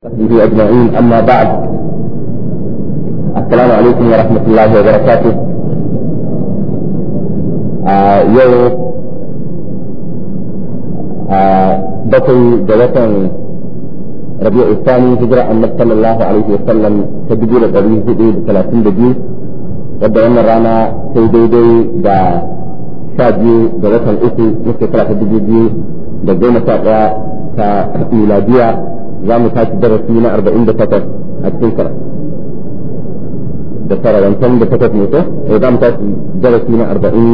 وصحبه أجمعين أما بعد السلام عليكم ورحمة الله وبركاته يو بطي دوتن ربيع الثاني هجرة النبي صلى الله عليه وسلم تدبير قبيل هدي بثلاثين دقيقة ودعونا رانا rana sai daidai da sha biyu da watan uku na shekara ta dubu za mu tashi darasi na arba'in da takwas a cikin kara da tara wancan da takwas ne ko eh za mu tashi darasi na arba'in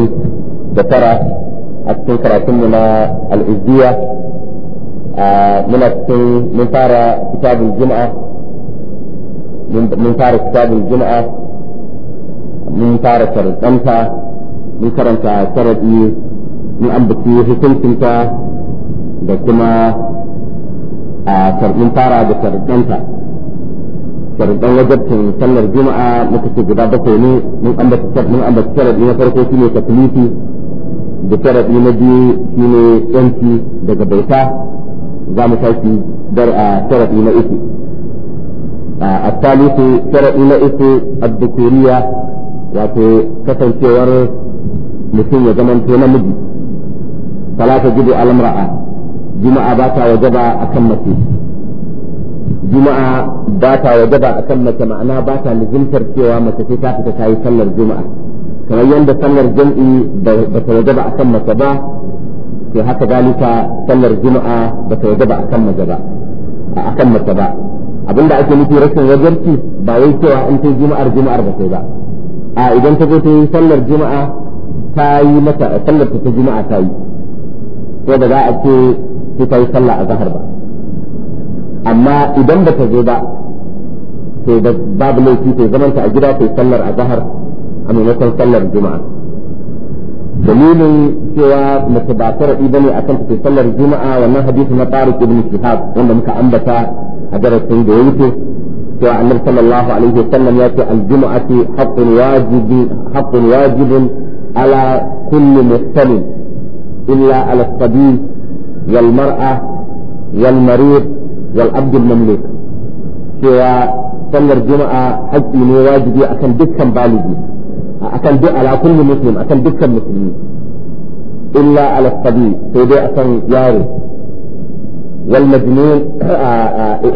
da tara a cikin karatun mu na al'izziya muna cikin mun fara kitabul juma'a mun fara kitabul juma'a mun fara karanta mun karanta sharadi mun ambaci hukuncinta da kuma a karɓin fara da karɓanta karɓan tun sallar juma'a muka ce guda bakwai ne mun ambata mun ambata sharaɗi ne farko shine taklifi da sharaɗi na biyu shine yanci daga baita za mu tashi dar a sharaɗi na uku a talisu sharaɗi na uku addukuriya wato kasancewar mutum ya zamanto namiji talata jibu al-mar'a juma'a ba ta wajaba kan mace juma'a ba ta wajaba kan mace ma'ana ba ta nizimtar cewa mace sai ta fita ta yi sallar juma'a kamar yadda sallar jam'i ba ta wajaba kan mace ba sai haka zalika sallar juma'a ba ta wajaba kan mace ba kan mace ba abinda ake nufi rashin wajarci ba wai cewa in ta juma'ar juma'ar ba sai ba a idan ta zo ta yi sallar juma'a ta yi mata sallar ta juma'a ta yi ko da za a ce sai ta yi sallah a zahar ba amma idan ba ta zo ba sai da babu laifi sai zamanta a gida sallar a zahar a maimakon sallar juma'a dalilin cewa mace ba ta raɗi bane akan ta yi sallar juma'a wannan hadisi na Tariq ibn Shihab wanda muka ambata a darasin da ya wuce cewa annabi sallallahu alaihi wasallam ya ce al-jum'atu haqqun haqqun wajibun ala kulli muslim illa ala sabil walmar'a walmarir والعبد المملوك cewa sallar juma'a haƙƙi ne wajibi akan dukkan baligi akan duk ala kulli muslim akan dukkan musulmi illa ala sabi sai dai akan yaro wal majnun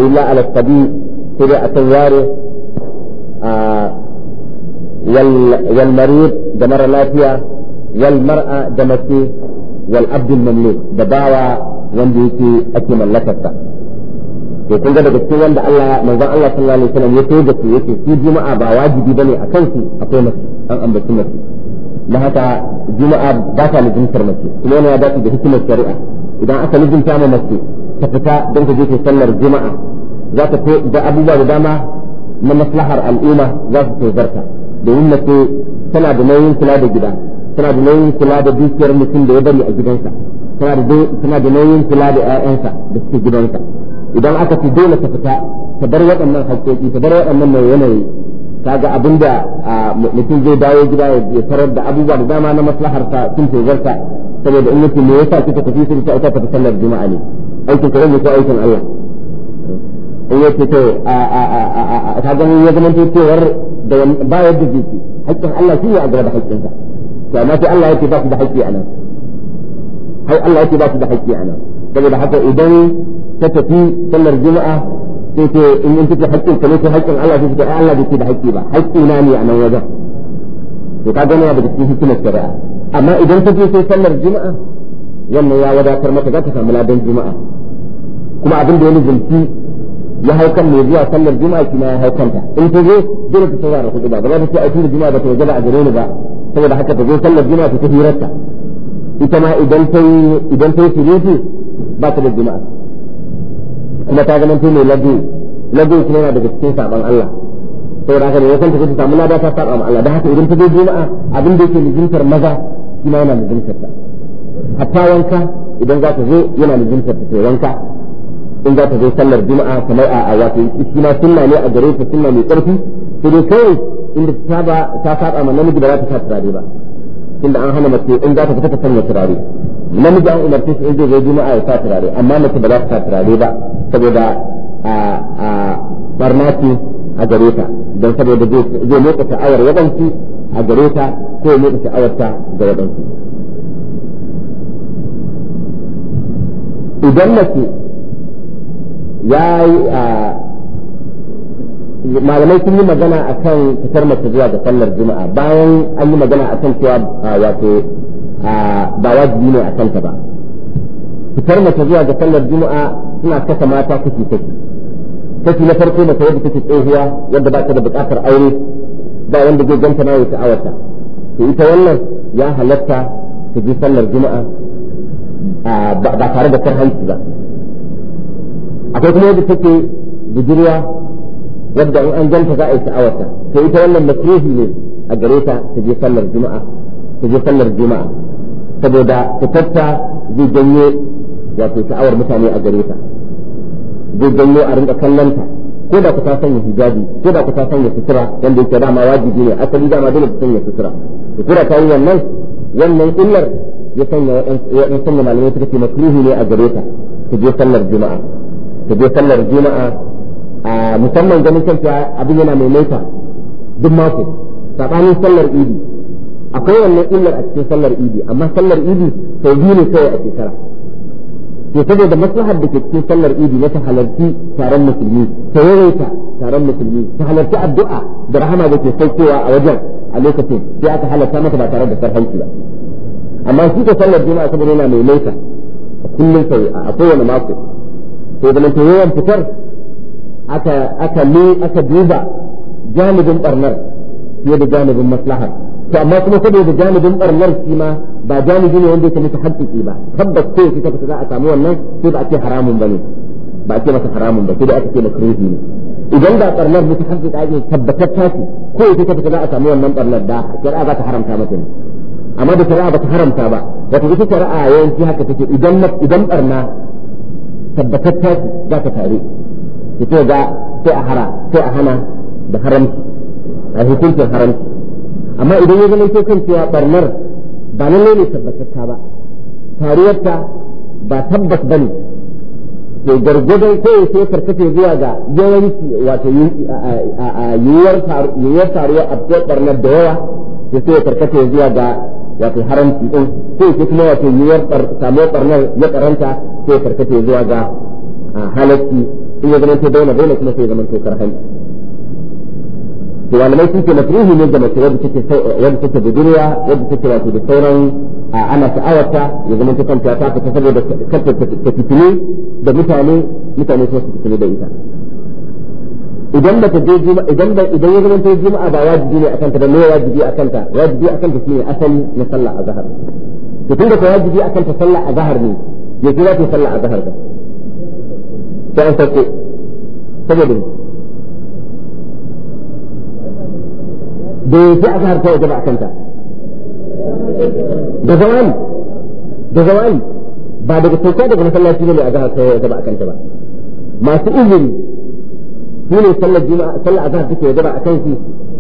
illa ala sabi sai dai akan yaro wal marid da mara lafiya wal mar'a da mace wal abdul mamluk da bawa wanda yake ake mallakarsa to kun ga daga cikin wanda Allah manzon Allah sallallahu alaihi wasallam ya toga su yake su juma'a ba wajibi bane a kansu akwai mace an ambaci mace na haka juma'a ba ta lizimtar mace kuma yana da da hikimar shari'a idan aka lizimta ma mace ta fita don ta je ta sallar juma'a za ta da abubuwa da dama na maslahar al'umma za su tozarta domin mace tana da nauyin kula da gida tana da nauyin kula da dukiyar mutum da ya bari a gidansa tana da nauyin kula da 'ya'yansa da suke gidansa idan aka fi dole ta fita ta bar waɗannan haƙƙoƙi ta bar waɗannan mai yanayi kaga abin da mutum zai dawo gida ya tarar da abubuwa da dama na maslaharsa sun tozarta saboda in mutum me yasa kika tafi sun ta ta sallar juma'a ne aikin kare ne ko aikin Allah in yace to a a a a ta ganin ya zama cewar da ba yadda zai haƙƙin Allah shi ya agara da haƙƙinsa to amma sai Allah yake ba su da haƙƙi anan hai Allah yake ba su da haƙƙi anan saboda haka idan ta tafi sallar juma'a sai ce in in take haƙƙin ka ne haƙƙin Allah sai ce Allah bai ce da haƙƙi ba haƙƙi na ne a nan wajen to ka gani daga cikin hikimar shari'a amma idan ta je sai sallar juma'a wannan ya wadatar mata za ta samu ladan juma'a kuma abin da ya nuzulci ya hau kan mai zuwa sallar juma'a kuma ya hau kanta in ta zo dole ta saurara kuɗi ba ba za ta ce a tun da juma'a ba ta waje ba a gare ni ba saboda haka ta zo sallar juma'a ta tafi rarta ita ma idan ta yi idan ta yi surutu ba ta da juma'a kuma ta zama ne ladu ladu kuma yana daga cikin saban Allah saboda haka ne ya san ta ta samu lada ta saba ma Allah da haka idan ta zo juma'a abin da yake mijintar maza shi ma yana mijintar ta hatta wanka idan za ta zo yana mijintar ta sai wanka in za ta zo sallar juma'a kamar a wato shi ma sunna ne a gare ta sunna mai karfi sai dai kawai inda ta ba ta saba ma namiji ba za ta sa turare ba inda an hana mace in za ta fita ta sanya turare namiji an umarce shi in zai zai juma'a ya sa turare amma mace ba za ta sa turare ba saboda a a barnaki a gare ta don saboda zai motsa ta'awar yabanci a gare ta ko motsa ta'awar ta ga yabanci idan mace ya yi a malamai sun yi magana a kan fitar mace zuwa ga sallar juma'a bayan an yi magana a kan cewa wato ba wajibi ne a kanta ba fitar mace zuwa ga sallar juma'a suna kasa mata kuki kaki kaki na farko mace yadda take tsohuwa yadda ba ta da bukatar aure ba wanda zai ganta na wata awata to ita wannan ya halatta ta je sallar juma'a ba tare da karhanci ba akwai kuma yadda take budurwa wanda in an janta za a yi sha'awarta yi ita wannan makruhi ne a gare ta ta je sallar juma'a ta je sallar juma'a saboda fitarta zai janyo wato sha'awar mutane a gare ta zai janyo a rinka kallonta ko da ku ta sanya hijabi ko da ku ta sanya sutura wanda yake dama wajibi ne asali dama dole ku sanya sutura ku kura ta yi wannan wannan illar ya sanya waɗansu malamai suka ce makruhi ne a gare ta ta je sallar juma'a ta je sallar juma'a a musamman ganin kan abin yana maimaita duk mako sabanin sallar idi akwai wannan illar a cikin sallar idi amma sallar idi sau biyu ne kawai a shekara to saboda maslahar da ke cikin sallar idi na ta halarci taron musulmi ta yawaita taron musulmi ta halarci addu'a da rahama da ke saukowa a wajen a lokacin sai aka halarta mata ba tare da sarhanci ba amma shi ka sallar juma'a saboda yana maimaita kullum sai a kowane mako to da ta yawan fitar aka aka le aka duba janibin barnar fiye da janibin maslaha. to amma kuma saboda janibin barnar shi ma ba janibi ne wanda yake mutahaddiki ba tabbas ko yake tabbata za a samu wannan sai ba a ce haramun bane ba a ce masa haramun ba sai da aka ce crazy ne idan da barnar mutahaddika ne tabbatar ta ce ko yake tabbata za a samu wannan barnar da shari'a za ta haramta mata ne amma da shari'a ba ta haramta ba wato ita shari'a yawanci haka take idan idan barna tabbatar ta ce za ta tare fito ga sai a hara sai a hana da haramci a hukuncin haramci amma idan ya zama ke kan cewa barnar ba lallai ne tabbatacca ba tariyarta ba tabbas ne to gargadon ko sai karkace zuwa ga yawanci wato yiwuwar a abuwar barnar da yawa ya sai karkace zuwa ga wato haramci din sai sai kuma wato yiwuwar samuwar barnar ya karanta sai karkace zuwa ga halarci in ya zama ta dole dole kuma sai ya zama to karhan to malamai sun ce makruhi ne ga mace wadda take wadda take budurwa wadda take wato da sauran ana sha'awarta ya zama ta kanta ta fita saboda kanta ta fitini da mutane mutane su fitini da ita idan ba ta je juma'a idan ba idan ya zama ta juma'a ba wajibi ne akan ta ba ne wajibi akan ta wajibi akan ta shine asali na sallah azhar to tunda ta wajibi akan ta sallah azhar ne ya ji za ta sallah azhar ba sai an sauko saboda da ya fi azhar kawai gaba a kanta da zawali da zawali ba daga sauka daga masallaci ne a azhar kawai gaba a kanta ba masu izini su ne sallar juma'a sallar azhar take gaba a kansu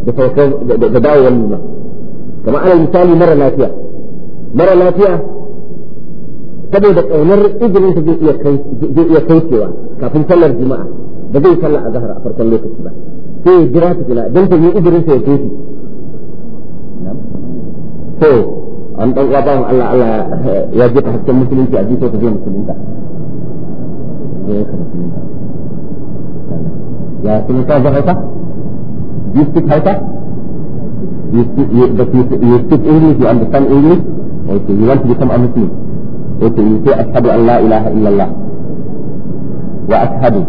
da saukar da dawowar nuna kamar alal misali mara lafiya mara lafiya saboda ƙaunar izinin sa zai iya kaucewa kafin sallar juma'a ba zai a azhar a farkon lokaci ba sai ya jira don ta yi izinin ya kai to an Allah Allah ya ji ta musulunci a jito ta musulunta ya ka you speak hausa you speak you speak English you understand English okay you want to become a Muslim yake yi sai ashhadu an la ilaha illallah wa ashhadu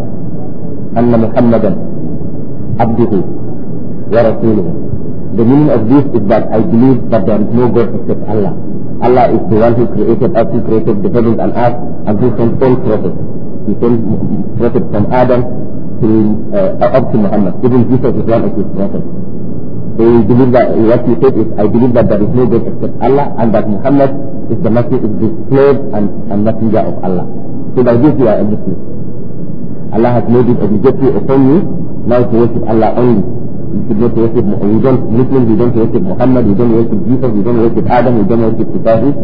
anna muhammadan abduhu wa rasuluhu the meaning of this is that I believe that there is no God except Allah Allah is the one who created us, who created the heavens and earth, and who sent all prophets. He sent prophets from Adam to uh, up to Muhammad. Even Jesus is one of his prophets. They believe that what he said is, I believe that there is no God except Allah, and that Muhammad is the message is the slave and, and messenger of Allah. So by this you are a Muslim. Allah has made it obligatory upon you now to worship Allah only. You should not worship you don't Muslims, you don't worship Muhammad, you don't worship Jesus, you don't worship Adam, you don't worship Tawhid,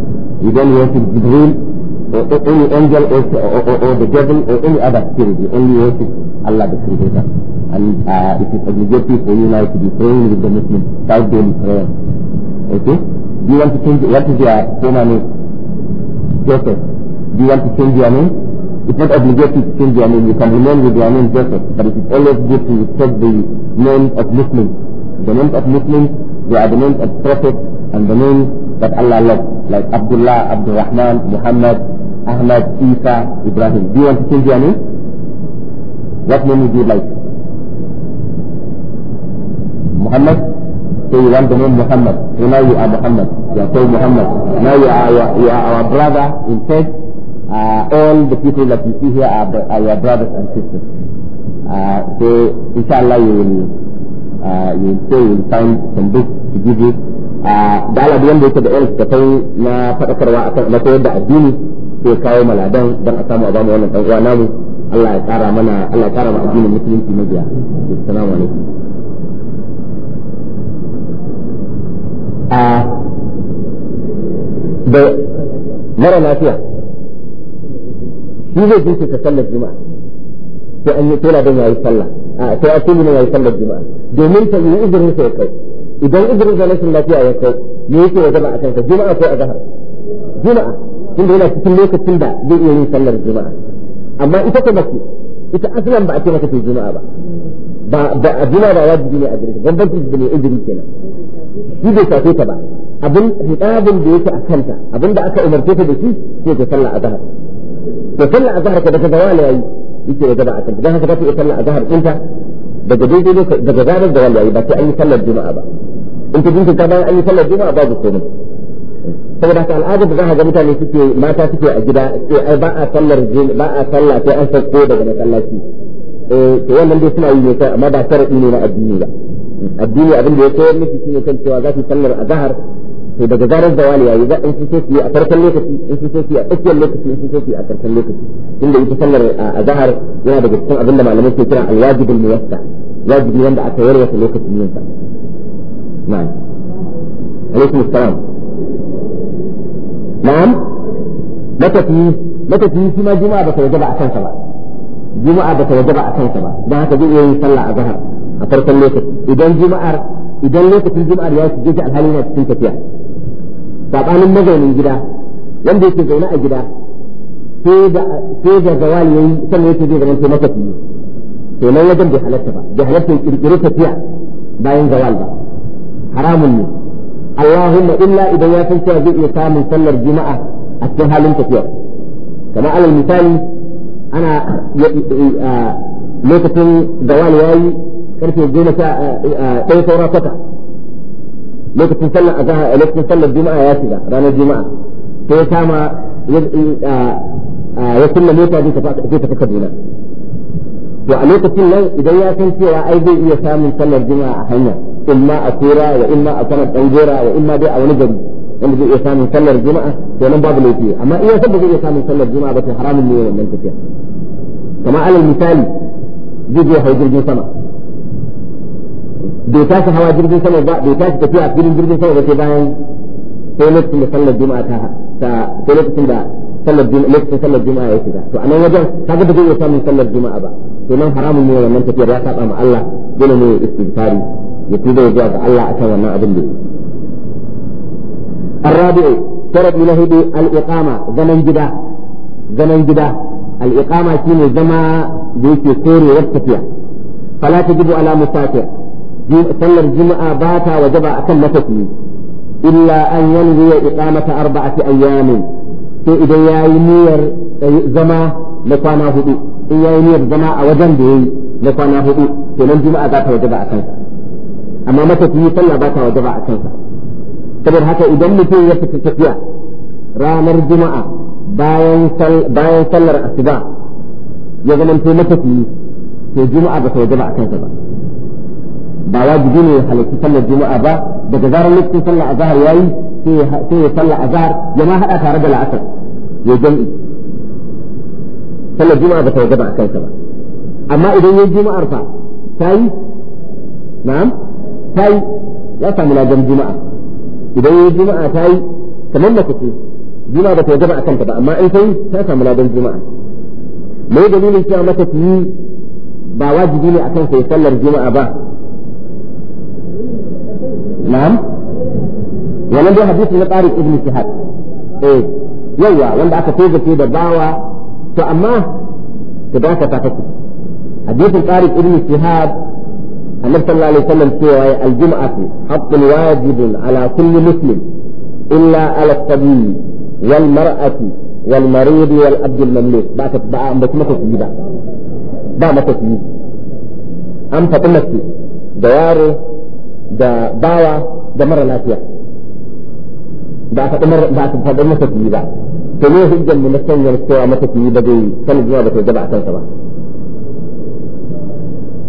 we don't worship Jibril, or, or any angel or, or, or, the devil or any other spirit. You only worship Allah the Creator. And uh, it is obligatory for you now to be praying with the Muslims, without daily prayer. Okay? do you want to change what is your former name? Joseph. Do you want to change your name? It's not obligatory to change your name. You can remain with your name Joseph, but it is always good to respect the names of Muslims. The names of Muslims, they are the names of prophets and the names that Allah loves, like Abdullah, Abdul Rahman, Muhammad, Ahmad, Isa, Ibrahim. Do you want to change your name? What name would you like? Muhammad? say want the name Muhammad, you know you are Muhammad, you are called Muhammad. Now you are, you are, you are our brother in faith. Uh, all the people that you see here are, are your brothers and sisters. Uh, so inshallah you will, uh, you will say you will find some books to give you. Uh, da Allah wanda yake da irin tafai na faɗakarwa akan na koyar da addini sai kawo maladan don a samu a bamu wannan ɗan uwa namu Allah ya ƙara mana Allah ya ƙara ma addinin musulunci mabiya. Assalamu alaikum. a da mara lafiya shi zai jinsu ta sallar juma'a sai an yi tela don yayi sallah a sai a kuma yayi sallar juma'a domin ta yi izinin sa ya kai idan izinin sa rashin lafiya ya kai me yake ya zama a kanka juma'a ko a zahar juma'a tunda yana cikin lokacin da zai iya yin sallar juma'a amma ita ta mace ita asalan ba a ce maka ta juma'a ba ba a juma'a ba wajibi ne a gare ta bambanci da ne izini kenan shi bai shafe ta ba abin da yake a kanta abin da aka umarce ta da shi sai ta sallah azhar ta sallah azhar ka daga zawala yayi yake ya gaba a kanta dan haka ta sallah azhar ɗinta daga daidai daga zarar da wallahi ba sai an yi sallar juma'a ba in ta jinta bayan an yi sallar juma'a babu komai saboda haka al'ada da za ga mutane suke mata suke a gida ai ba a sallar ba a sallah sai an sauko daga masallaci eh to wannan dai suna yi ne amma ba sharadi ne na addini ba addini abin da ya koyar miki ne kan cewa za ki sallar a azhar to daga zarar zawali yayi za in fito ki a farkon lokaci in fito ki a tsakiyar lokaci in fito ki a farkon lokaci inda ita sallar a azhar yana daga cikin abin da malamai ke kira alwajibul muwassa wajibi wanda aka yarwata lokacin yin sa na'am alaikum assalam na'am matafi matafi shi ma juma'a ba ta ba a kansa ba juma'a ba ta ba a kansa ba dan haka zai iya yin sallah azhar a farkon lokaci idan juma'ar idan lokacin juma'ar ya shige shi alhali yana cikin tafiya sabanin mazaunin gida wanda yake zaune a gida sai da zawali yayi sannan yake zai zamanto matafi to nan wajen bai halatta ba bai halatta ya kirkiri tafiya bayan zawal ba haramun ne Allahumma illa idan ya san cewa zai iya samun sallar juma'a a cikin halin tafiya kamar alal misali ana lokacin zawal yayi كانت يجينا ساعة اي آه، آه، طيب صورة فتا لو تتسلل اكاها لو تتسلل الدماء ياسدا رانا الدماء كي ساما آه، يسلل الموتى دي تفكر تفك دينا وعليك تلا إذا يا كنتي أيضا يسام من سلة الدماء حنا إما أثيرا وإما أثنا تنجرا وإما بيع ونجم من ذي يسام من سلة الدماء دون باب الوتي أما إيه سبب يسام من سلة الدماء بس حرام اللي من كتير كما على المثال جد يحيد الجسم bai tashi hawa jirgin sama ba bai tashi tafiya a filin jirgin sama ba sai bayan sai lokacin da sallar juma'a ta sai lokacin da sallar juma'a lokacin sallar juma'a ya shiga to a nan wajen kaga da zai samun sallar juma'a ba to nan haramun ne wannan tafiyar ya saba ma Allah dole ne ya istighfari ya tuba zuwa ga Allah akan wannan abin da الرابع شرط من هدي الإقامة زمن جدا زمن جدا الإقامة كين زما ذيك سوري والتفيا فلا تجب على مسافر sallar juma'a ba ta ba akan matafi illa an yanzu ya iqamata arba'ati ayyamin sai idan ya yi niyyar eh, zama na kwana hudu in yi niyyar zama a wajen da yayi na kwana hudu to nan juma'a za ta ba akan amma matafi sallah ba ta waje ba akan sa saboda haka idan mutum ya fita tafiya ranar juma'a bayan bayan sallar asuba ya zama to matafi to juma'a ba ta wajaba akan sa ba ba wajibi ne ya halarci sallar juma'a ba daga zarar lokacin sallar azhar yayi sai ya sallar azhar ya ma hada tare da la'asar ya jam'i sallar juma'a ba ta wajaba a kansa ba amma idan yayi juma'ar fa tayi na'am tayi ya samu ladan juma'a idan yayi juma'a tayi kamar mace ce juma'a ba ta wajaba a kanta ba amma in sai ta samu ladan juma'a mai dalilin cewa mata ta yi ba wajibi ne a kansa ya sallar juma'a ba na'am wannan dai hadisi aka tozace da bawa hadisin tsarin ibn shihab annabi cewa ya aljum'atu haqqun wajibun ala kulli muslim illa ala tabi wal mar'ati da yaro da bawa da mara lafiya ba a faɗi ba a faɗi matafiyi ba to ne hujjar mu na sanyar cewa matafiyi ba zai sanin zuwa ba ta gaba a kansa ba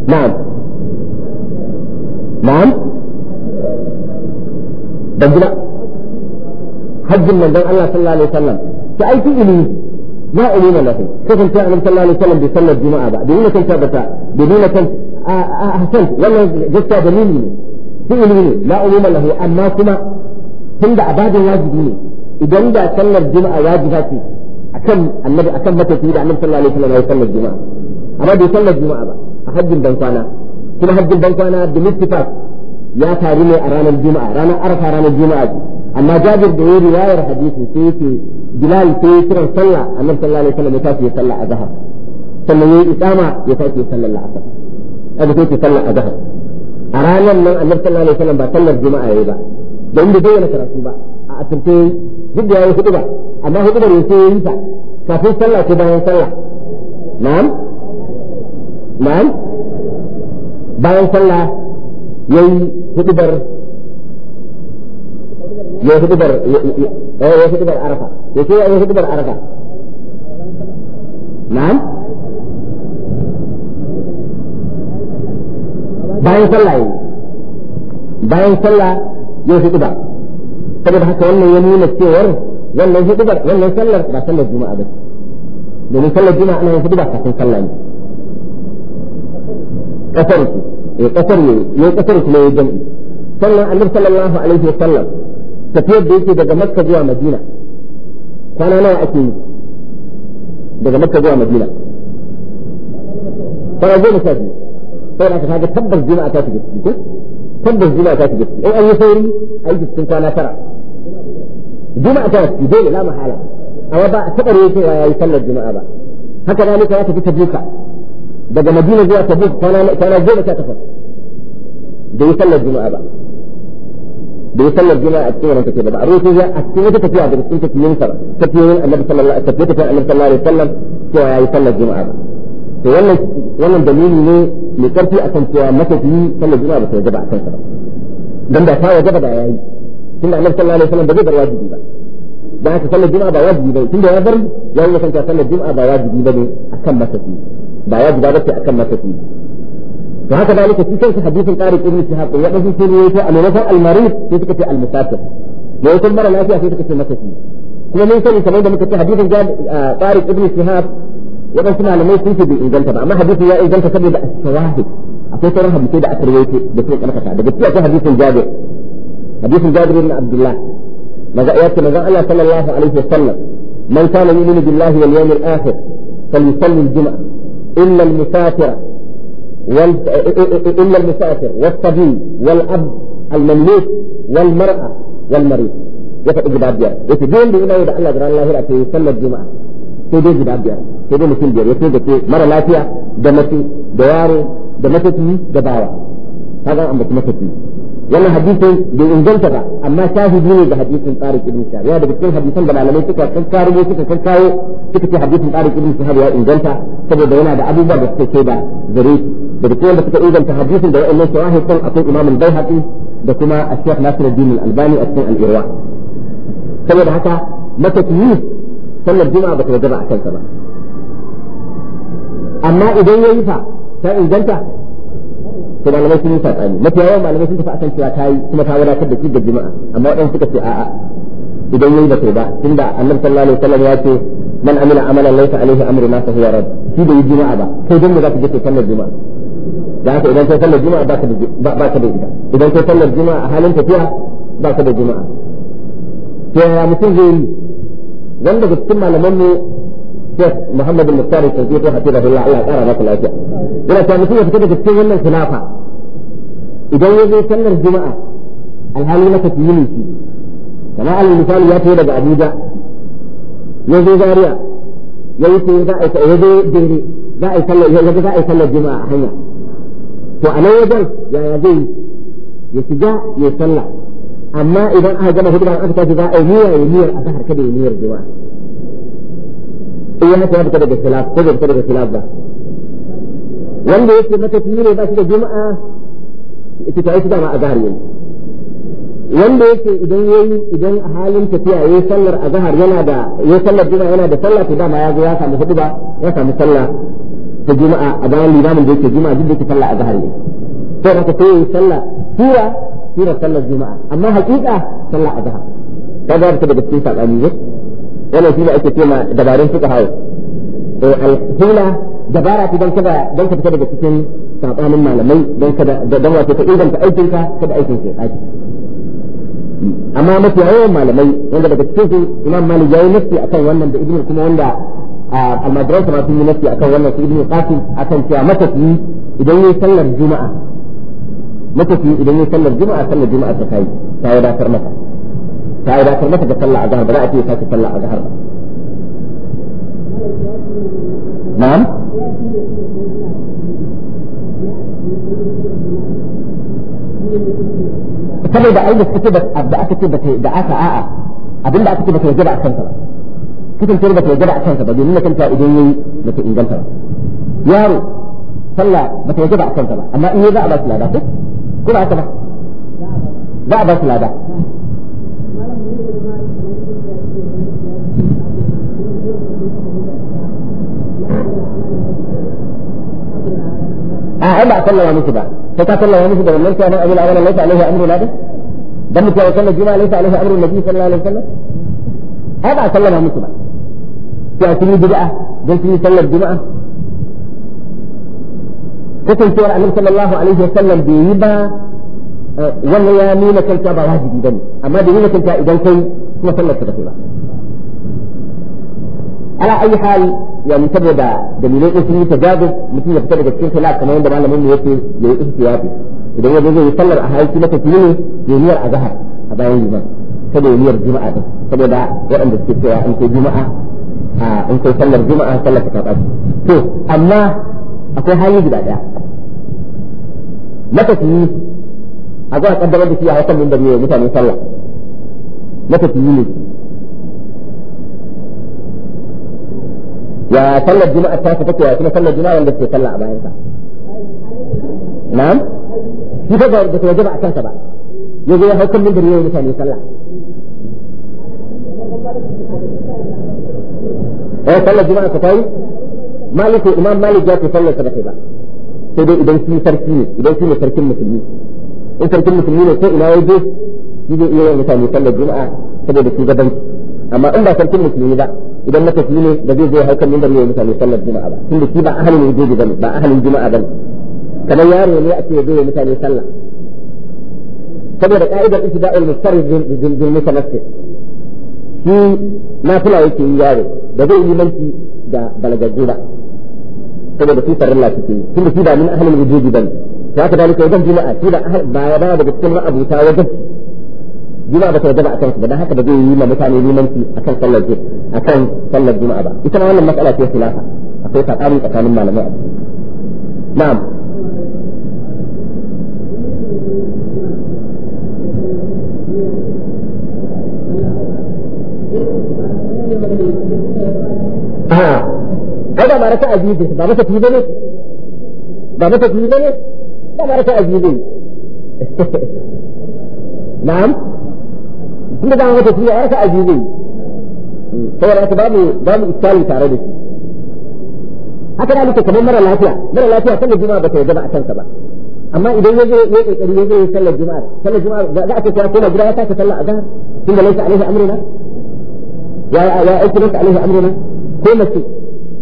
na'am na'am ban gida hajjin nan manzon Allah sallallahu alaihi wasallam ta aiki ilimi ya na lahu ko kan ta annabi sallallahu alaihi wasallam bi sallar juma'a ba bi ne kan tabbata bi ne kan a hasan wannan gaskiya dalili ne fi'ili ne la umuma lahu amma kuma tunda abadin wajibi ne idan da sallar juma'a wajiba ce akan annabi akan mataki da annabi sallallahu alaihi wasallam ya sallar juma'a amma bai sallar juma'a ba a hajjin dan kwana kuma hajjin dan kwana da mittifaq ya taru ne a ranar juma'a ranar arfa ranar juma'a ce amma jabir da yayi riwayar hadisi sai yake bilal sai ya kiran sallah annabi sallallahu alaihi wasallam ya tashi ya sallah a sannan ya yi iqama ya tashi ya sallar la'asar kaga sai ya sallah a a ranar nan annabi sallallahu alaihi wasallam ba sallar juma'a yayi ba inda dai bayyana karatu ba a asirce duk da yayi hudu ba amma hudu da ne sai yayi ta kafin sallah ko bayan sallah na'am na'am bayan sallah yayi hudubar yayi ya yayi bar arafa yayi bar arafa na'am bayan sallah yayi bayan sallah ya hutuba saboda haka wannan ya nuna cewar wannan hutubar wannan sallar ba sallar juma'a ba domin sallar juma'a ana yin hutuba kafin sallah ne kasar su ya eh, kasar ne ya kasar su ne ya jami'i sannan annabi sallallahu alaihi wa sallam tafiyar da yake daga makka zuwa madina kwana nawa ake yi daga makka zuwa madina kwana goma sha biyu sai na kaga tabbas juma'a ta shiga ciki tabbas juma'a ta shiga ciki in an yi sauri a yi cikin kwana tara juma'a ta ciki dole la mahala amma ba a taɓa ruwa cewa yayi sallar juma'a ba haka zalika ya tafi tabuka daga madina zuwa tabuk kwana kwana goma sha takwas da yi sallar juma'a ba da ya sallar juma'a a cikin wannan tafiya ba a rufe ya a cikin wata tafiya daga cikin tafiyoyin sa tafiyoyin annabi sallallahu alaihi wasallam tafiyoyin annabi sallallahu alaihi wasallam cewa yayi sallar juma'a ba to wannan wannan dalili ne mai karfi kan cewa matafiyi kan juma'a ba sai gaba a kan ba dan da ta gaba da yayi tunda annabi sallallahu alaihi wasallam ba zai bar wajibi ba da haka sallar juma'a ba wajibi ba tunda ya bar ya yi kanta sallar juma'a ba wajibi ba ne akan matafiyi ba wajiba ba ce akan matafiyi to haka dalika shi kansa hadisin tariq ibn shihab ya dace sai ne ta alwafan almarid sai suka ce almusafir ne yayin mara lafiya sai suka ce matafiyi kuma mun sani kamar da muka ce hadisin tariq ibn shihab waɗansu malamai sun ce bai inganta ba amma hadisi ya inganta saboda shawahid akwai sauran hadisi da aka rawaito da suka karkata daga cikin akwai hadisin Jabir hadisin Jabir ibn Abdullah maza ya ce maza Allah sallallahu alaihi wa sallam man kana yu'minu billahi wal yawmil akhir falyusalli al-jum'a illa al musafir wal illa al-musafir was-sabil wal ab al-mamluk wal-mar'a wal-marid ya faɗi guda biyar yace duk wanda yana da Allah da ran lahira ta yi sallar juma'a sai dai guda biyar sai dai mutum biyar ya sai da mara lafiya da mace da yaro da matafi da bawa kaga an bata matafi wannan hadisin bai inganta ba amma shahidi ne ga hadisin Tariq ibn Shahab yana daga cikin hadisan da malamai suka kan karubo suka kan kawo suka ce hadisin Tariq ibn Shahab ya inganta saboda yana da abubuwa da suka ce da gare shi daga cikin da suka inganta hadisin da wa'annan shawahid sun akwai Imam al-Baihaqi da kuma Sheikh Nasiruddin al-Albani a cikin al-Irwa saboda haka matafiyi sallar juma'a ba ta wajaba a kansa ba amma idan yayi fa ta inganta sai malamai sun yi saɓani mafi yawan malamai sun tafi akan cewa ta yi kuma ta wadatar da shi ga jima'a amma waɗansu suka ce a'a idan ya yayi ba sai ba tunda annabi sallallahu alaihi wasallam ya ce man amila amalan laysa alaihi amruna fa huwa rad shi da yi jima'a ba kai dan me zaka je kai sallar jima'a da haka idan kai sallar jima'a ba ka da ba ka da ita idan kai sallar jima'a a halin tafiya ba ka da jima'a to ya mutum zai yi wanda daga cikin malaman mu Sheikh Muhammad bin Mukhtar al-Tanqiti hafizahullah Allah ya kara masa lafiya yana ta mutum ya fita daga cikin wannan khilafa idan ya zo sallar juma'a alhali na tafiyi ne shi kamar alal misali ya fito daga Abuja ya zo Zaria ya yi sai za a yi ya zo Dere za a yi sallar ya za a yi sallar juma'a a hanya to a nan wajen yaya zai amma idan aka gama hudu aka tashi za a yi niyyar a zahar kada ya niyyar in ya haka ya daga khilaf ko bai daga khilaf ba wanda yake matafiyi ne ba shi da juma'a ita ta yi dama a zahar yanzu wanda yake idan yayi idan halin tafiya yayi sallar a zahar yana da yayi sallar juma'a yana da sallah to dama ya zo ya samu hudu ba ya samu sallah ta juma'a a bayan limamin da yake juma'a duk da yake sallah a zahar ne to haka sai yayi sallah sura sura sallar juma'a amma haƙiƙa sallah a zahar kaga ta daga cikin sabani ne wannan ne ake cewa dabarun suka hawo eh alhila dabara ta dan kada dan ka fita daga cikin sabanin malamai dan kada don wato ka inganta ka kada aikin ka tsaki amma mafi yawan malamai wanda daga cikin su imam malik yayi nafi akan wannan da ibnu kuma wanda almajiran ma sun yi nafsi akan wannan su ibnu qasim akan cewa matafi idan yayi sallar juma'a matafi idan yayi sallar juma'a sallar juma'a ta kai ta wadatar masa فهي ذات المسا تتطلع ظهر بلا أتيه فهي تتطلع ظهر نعم تبدا اين كتبت ابدا كتبت دعاء ساعه ابدا كتبت وجبع سنتر كتب كتبت وجبع سنتر بدي منك انت ايديني لك انجلترا يا رو صلى بتوجبع سنتر اما اني ذا بس لا ذاتك كل عتبه ذا لا ذاتك a ba a sallama musu ba sai ka sallama musu da wannan kana abin amana laisa alaihi amru na dan mutum ya sallama juma'a laisa alaihi amru nabi sallallahu alaihi wasallam ai ba a sallama musu ba sai sun yi bid'a dan sun sallar juma'a kasancewar annabi sallallahu alaihi wasallam bai yi ba eh, wannan ya nuna kanta ba wajibi amma nuna kanta idan kai kuma sallar ta ba ala ayi yani saboda dalilai in sun yi tajabu mutum ya fita daga cikin salat kamar yadda malamin mu yake yayi ihtiyabi idan ya zai yi sallar a haiki na tafiye ne ya niyyar azhar a bayan liman saboda ya niyyar juma'a din saboda waɗanda suke cewa in kai juma'a a in kai sallar juma'a sallar ta kafa to amma akwai hali guda ɗaya matafiyi a ga kaddara da shi a hakan min da mutane sallah matafiyi ne ya sallar juma'a ta ta take ya kuma sallar juma'a wanda ke sallah a bayan sa na'am shi ba da waje ba a kansa ba yazo ya haukan min da yayin mutane sallah eh sallar juma'a ta kai malik imam malik ya ce sallar ta ba sai dai idan shi sarki ne idan shi ne sarkin musulmi in sarkin musulmi ne sai ina yaje shi zai iya mutane sallar juma'a saboda shugabanci amma in ba sarkin musulmi ba idan na tafi ne ba zai zo hau kan mimbar yau mutane sallar juma'a ba tunda shi ba ahalin wujudu bane ba ahalin juma'a bane kamar yaro ne a ce zai mutane sallah saboda ka'idar ibtida'ul mustarrid bil mutamassil shi na nafila yake yi yaro ba zai yi mulki da balagaggu ba saboda su farilla suke yi tunda shi ba min ahalin wujudu bane ta haka dalika wajen juma'a shi da ba ya ba daga cikin ma'abuta wajen juma'a ba ta wajaba akan su ba dan haka ba zai yi ma mutane limanci akan sallar juma'a أكون صلى الجمعة بعد يتنا عن المسألة في خلافة أقيتها الآن أكون ما لم يأتي نعم ها آه. هذا ما رأيت أجيبه ما رأيت أجيبه ما رأيت أجيبه هذا ما رأيت أجيبه نعم كل ما رأيت أجيبه ما رأيت أجيبه هو رأيت باب باب التالي تعرفه حتى لو كنت مرة لا فيها مرة لا فيها سنة جمعة بس جمعة كم سبعة أما إذا يجي يجي يجي سنة جمعة سنة جمعة لا تسوى كل جرعة تسلى أذان ثم ليس عليه أمرنا يا يا أنت ليس عليه أمرنا هو مسي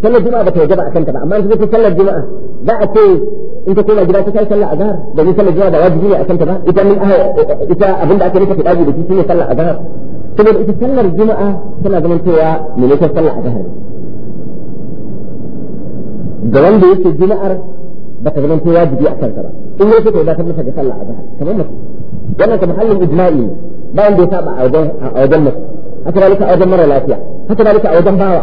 سنة جمعة بس جمعة كم سبعة أما إذا تسلى جمعة لا تسوى أنت كل جرعة تسلى أذان بس سنة جمعة واجبية كم سبعة إذا من أه إذا أبن ذاك ليس في الأجر بس سنة سلى أذان saboda ita sallar juma'a tana zaman cewa me ne ta sallah a zahar da wanda yake juma'ar ba ta zaman cewa jibi a kansa ba in yake ta wadatar masa da sallah a zahar kamar mace wannan kamar halin ijma'i ne ba wanda ya saba a wajen mace haka zalika a wajen mara lafiya haka zalika a wajen bawa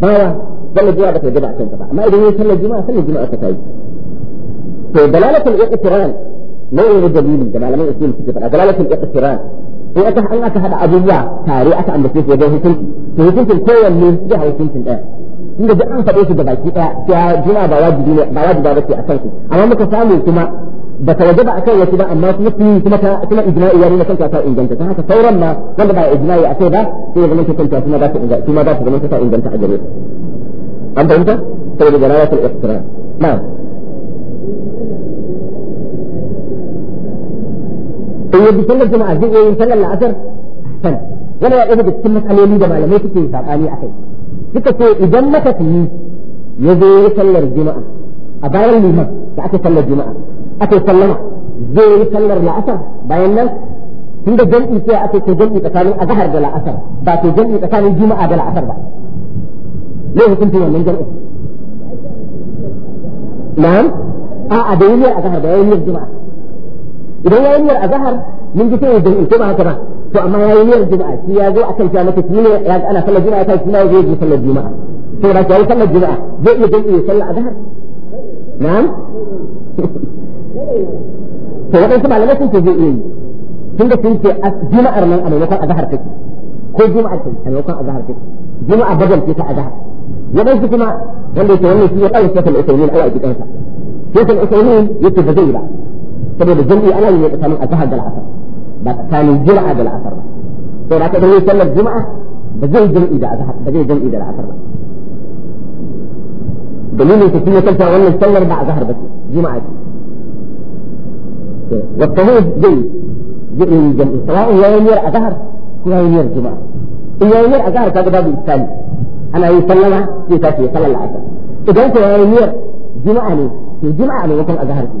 bawa sallar juma'a ba ta wajaba a kansa ba amma idan yayi sallar juma'a sallar juma'a ta kai to dalalatul iqtiran nau'in dalili da malaman usul suke faɗa dalalatul iqtiran in aka an aka hada abubuwa tare aka ambace su wajen hukunci to hukuncin kowanne zai hawa hukuncin ɗaya inda duk an faɗe su da baki ɗaya ya juna ba wajibi ne ba wajibi wajiba bace a kanku amma muka samu kuma ba ta wajaba akan wasu ba amma kuma su kuma ta kuma iya ya nuna kanta ta inganta ta haka sauran ma wanda ba ijma'i akai ba sai ya zama ta kanta kuma za ta inganta kuma za ta zama ta inganta a gare an fahimta sai da jarabatul iqtirar na'am in ya bi sallar juma'a zai iya yin sallar la'asar ahsan wannan ya ɗaya da cikin matsaloli da malamai suke yin saɓani a kai suka ce idan matafiyi ya zo ya sallar juma'a a bayan liman da aka sallar juma'a aka sallama zai yi sallar la'asar bayan nan tunda jam'i sai aka ce jam'i tsakanin azhar da la'asar ba to jam'i tsakanin juma'a da la'asar ba ne hukuncin wannan jam'i na'am a'a da yi azhar da yayin juma'a idan yayi niyyar azhar mun ji sai jami'i ko ba haka ba to amma yayi niyyar juma'a shi ya zo akan cewa maka shine ya ga ana sallar juma'a kai kuma zai je sallar juma'a to da yayi sallar juma'a zai iya iya sallar azhar na'am to wadansu malamai sun ce zai iya yi tun da sun ce juma'ar nan a maimakon azhar take ko juma'ar take a maimakon azhar take juma'a badal ce ta azhar wadansu kuma wanda ya ce wannan shi ya kawo shekul usaimin Allah ya ji kansa shekul usaimin yake ba zai ba saboda jami'i ana yi ne tsakanin azhar da al'asar ba tsakanin juma'a da al'asar ba to da ka dai sallar juma'a ba zai jami'i da azhar ba zai jami'i da al'asar ba dalilin ta shine kanta wannan sallar ba azhar ba ce juma'a ce wa tahid zai zai jami'i sawa'un yayin yar azhar ko yayin yar juma'a in yayin yar azhar kaga babu iskali ana yi sallama sai ta ce sallar al'asar idan ko yayin yar juma'a ne to juma'a ne wakan azhar ce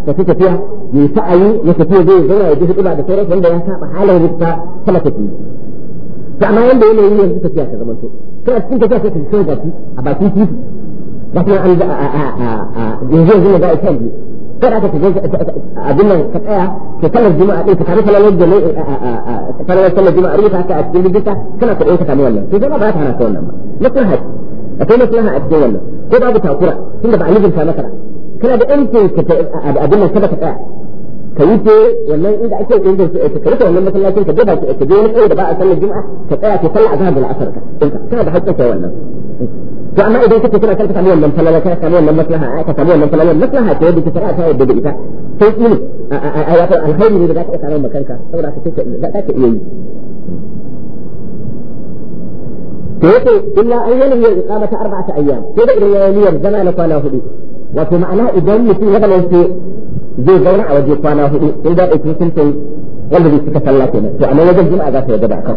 Ka tafi tafiya ya yi sa'ayi ya tafi ya zai zauna ya ji hudura da sauransu wanda ya saba halin rufta sama tafi to amma yanda yanayi yanzu tafiya ta zama to kana cikin tafiya sai ka sai baki a baki titi ga kuma an yanzu yanzu a ita biyu kada aka tafi abin nan ka tsaya ka kallar juma'a ɗin ka kare kallar jama'a ka kare kallar juma'a rubuta haka a cikin rubuta kana ka ɗauka kamar wannan to jama'a ba ta hana ta wannan ba na kun haƙi akwai maslaha a cikin wannan ko babu takura tunda ba a nufin ta maka kana da ɗancin abin nan kada ka ka yi ce wannan inda ake yin da eh, ka rike wannan masallacin ka jefa eh, ka je wani kai da ba a sallar juma'a ka tsaya ka sallar azhar da al'asar ka kana da haƙƙin kai wannan to amma idan kake kana kanka samu wannan falala ka samu wannan maslaha a ka samu wannan falala maslaha ta yadda ta ta yadda da ita sai ne a wato alkhairi ne da za ka samu ma kanka saboda ka ce da ka iya yi to yake illa an yana yin iqamata arba'ata ayyam sai da idan ya yi yayin zaman na kwana hudu wato ma'ana idan mutum ya balance zai zauna a waje kwana hudu in da ɗauki hukuncin wanda zai cika sallah kenan to a nan wajen jima'a za ta yarda da akan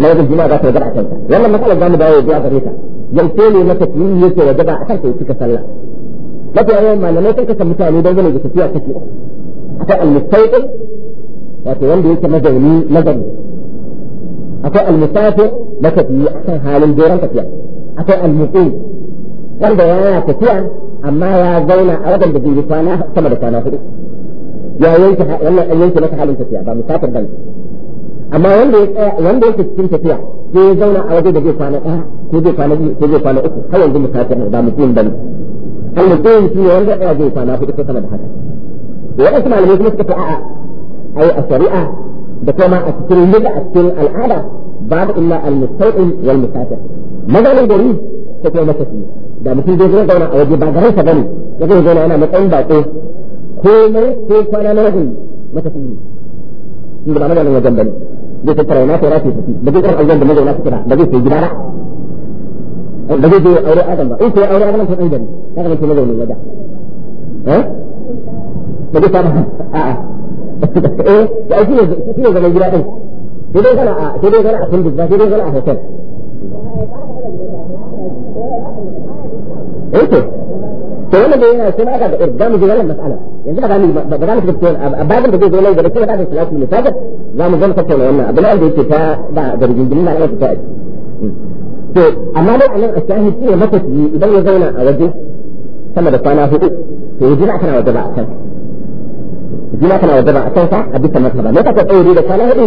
na wajen jima'a za ta yarda da akan wannan matsalar zamu dawo zuwa gare ta yanke ne na tafiyi yake yarda da akan ta cika sallah mafi yawan malamai sun kasa mutane don gane da tafiya take akwai al wato wanda yake mazauni nazari akwai al-musafir a akan halin doron tafiya akwai al wanda yana tafiya amma ya zauna a wajen da bai kwana sama da kwana hudu ya yanke wannan an yanke masa halin tafiya ba musafir bane amma wanda ya wanda yake cikin tafiya sai ya zauna a wajen da bai kwana ɗaya ko zai kwana biyu ko zai kwana uku har yanzu musafir ba mutum bane al mutum shi ne wanda ya zai kwana hudu ko sama da haka waɗansu malamai kuma suka ce a'a ai a shari'a da kuma a cikin yadda a cikin al'ada babu illa al-mustaqim wal musafir mazalin gari ta kuma matafiya da mutum zai zo zauna a waje ba garin sa bane ya zai zauna yana matsayin bako komai ko kwana na wajen mata in da ba mazauna wajen bane zai zai yana tsara su tafi zai karar zan da mazauna suke ba zai sai gida ba da zai zai aure adam ba in sai aure adam sai an gani ya kamata mazauna wajen eh da zai samu a'a eh da ake shi ne zaman gida din sai dai kana a sai dai kana a kundin ba sai dai kana a hotel ايه to wannan dai yana sai aka da mu ji wannan mas'ala yanzu ba za mu ba za mu tafi a babin da zai zo nan da kuma babin salatu ne ta za mu zama tattauna wannan abu ne wanda yake ta ba da rigingimin na yake ta to amma dai anan a shahi shi ne matafiyi idan ya zauna a waje sama da kwana hudu to ya jira kana waje ba a kan jira kana waje ba a kan sa a bisa masaba ne ka tsauri da kwana hudu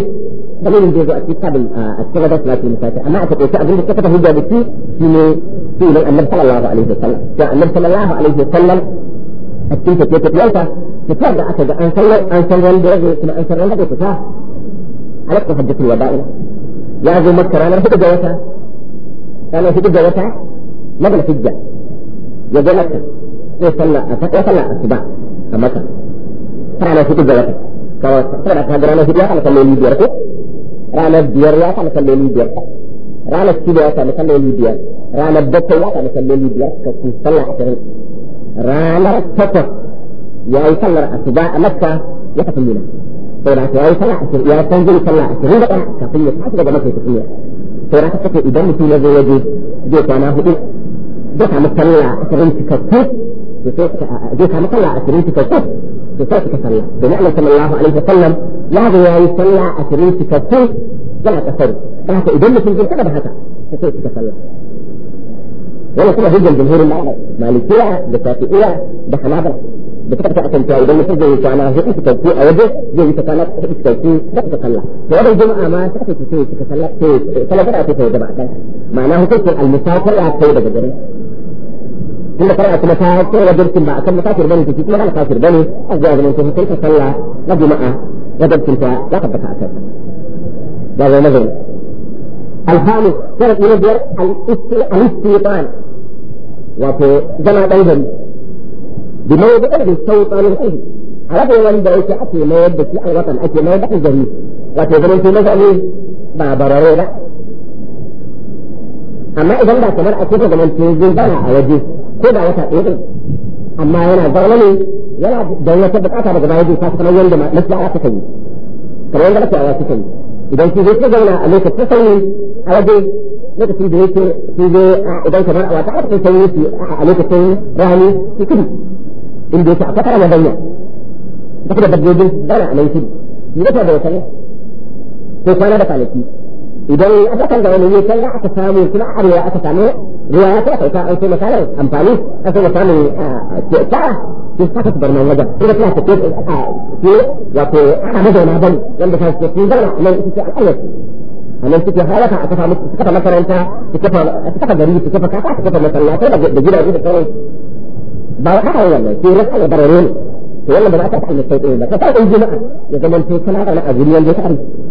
بغير يجوز كتاب السردس لكن ما اعتقد تعبير كتبه هو جابتي في في النبي صلى الله عليه وسلم النبي صلى الله عليه وسلم التنسة يتبلغ تتوقع أكد أن صلوا أن صلوا البرج كما أن صلوا البرج فتاه على حجة الوباء يا أبو مكر أنا في جوتها أنا في جوتها ما بلا حجة يقول لك يصلى يصلى السباع مكة فأنا في جوتها كواس فأنا أقدر أنا في جوتها أنا صلوا لي بيركو رانا بير يا فانا كان ليلي بير رانا سيدي يا فانا كان ليلي بير رانا بطو يا فانا كان ليلي بير كفو صلى عشرين رانا رتطة يا يصلى عشباء مكة يا فتنين طيب عشر يا يصلى عشر يا تنزل يصلى عشرين بقى كفية حسنة جمسة كفية طيب عشر كفية إذا مسي لذي يجي جيت أنا هو دي جيت عم تصلى عشرين تكفف جيت عم تصلى عشرين تكفف بفاتك صلى بنعمة الله عليه وسلم بعد يطلع يصلى أتريد تكفل جمع تفرد بعد إذن في الجنة بحثة تكفل تكفل ولا كل هذا الجمهور المعنى مالكية بشافئية بحنابلة بكتب ساعة انت إذا نفذ إن شاء الله هيئة تكفي أوجه زي تكالات في تكفي لا تتكلى هذا الجمعة ما ساعة تكفي تكفي تكفي بدأت في جماعة معناه تكفي المسافر لا تكفي بجري ثم قرأت مساعد كيف جرت بعد ثم كافر بني ما لا كافر بني أجاز من تجيك تكفي نجمعه وجبت انت لقد دفعت هذا مزل الخامس شرط من الدر الاستيطان وفي جمع بينهم بموضع الاستيطان الحزب على بين wanda yake ake mayar da shi a watan ake mayar da gari wato garin su mutane ba barare ba amma idan ba kamar a cikin zaman zai zana a waje ko da wata ɗaya yana zaune ne yana da wata bukata daga zai kamar yadda yi kamar yadda yi idan shi zai zauna a lokacin sanyi a waje lokacin da yake shi zai idan kamar a wata arzikin sanyi shi a lokacin rani shi kudu inda yake a na madanya da kuma dabbobin bana a nan kudu yi da wata ne ko kwana da kwanaki idan aka san da wani ne sai aka samu kuma har ya aka samu riwaya ta kai ta aiki misalin amfani aka ga samun ta ki saka bar nan wajen kuma ta ta ke wato ana mazauna bane wanda ta ce kun zauna nan ita ce al'ayyar anan suke halaka a kafa musu kafa makaranta su kafa su kafa gari su kafa kafa su kafa masallatai da gidaje da sauran ba haka wannan ke rasa da barare ne to wannan ba za ta ta aiki sai ba ka ta aiki jama'a ya zama sai kana da na a guri wanda ya ta aiki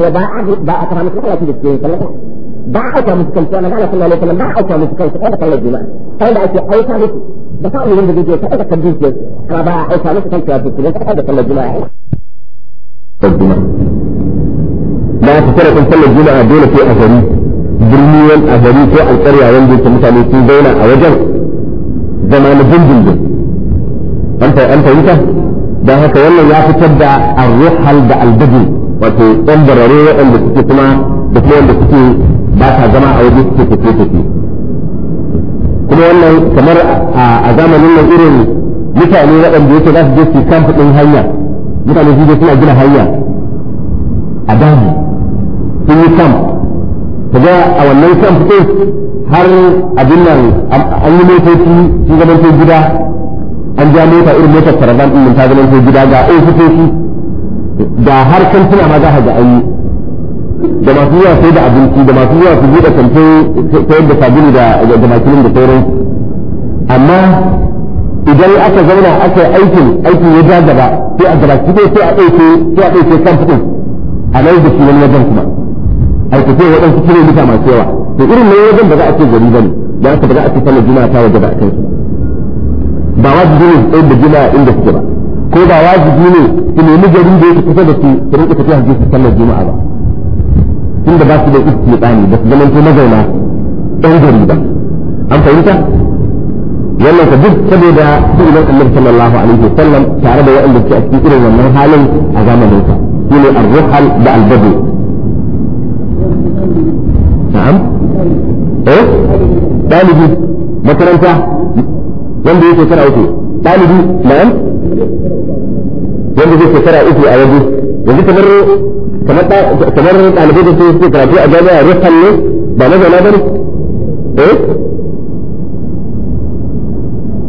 وباع باع ترى مثل على كذا كذا كذا باع أو كان مسكين كان قال صلى الله عليه وسلم باع أو كان مسكين هذا كان الجماعة فإن أتى أو كان بس أنا من بدي جيت هذا كان جيت أنا باع أو كان مسكين كان جيت هذا كان الجماعة الجماعة لا تترك صلى الجمعة دون في أثري برميل أثري في القرية وين جيت مثلا في زينة أو جنب زمان جنب أنت أنت أنت ده هكذا يا فتبع الرحل بألبدي wato ɗan barare waɗanda suke kuma da kuma wanda suke ba ta zama a waje suke tafiye tafi kuma wannan kamar a zamanin nan irin mutane waɗanda yake za su je su kamfa ɗin hanya mutane su je suna gina hanya a dami sun yi kamp kaga a wannan kamp ɗin har abin nan an yi motoci sun zama gida an ja mota irin motar karaban ɗin ta zama gida ga ofisoshi da har kantuna ma za ka ga ayi da masu zuwa sai da abinci da masu zuwa su buɗe kantin ta yadda sabulu da da makilin da sauran amma idan aka zauna aka yi aikin aikin ya ja gaba sai a gaba sai a ɗauke sai a ɗauke kan fitin a nan da shi wani wajen kuma aikace waɗansu kilomita masu yawa to irin nan wajen ba za a ce gari ba ne da aka ba za a ce sallar juna ta waje ba a kai ba wajibi ne sai da juna inda suke ba ko ba wajibi ne su nemi gari da yake kusa da su su rinka tafiya su su sallar juma'a ba da ba su da istiqani ba su zama ko mazauna ɗan gari ba an fahimta wannan ka duk saboda sunan annabi sallallahu alaihi wasallam tare da waɗanda suke a cikin irin wannan halin a zamanin sa shine ar-ruhal da al-badu na'am eh dalibi makaranta wanda yake kana uku dalibi na'am wanda zai shekara uku a waje yanzu kamar kamar kamar ɗalibai da suke karatu a jami'a rufan ne ba mazauna ba ne eh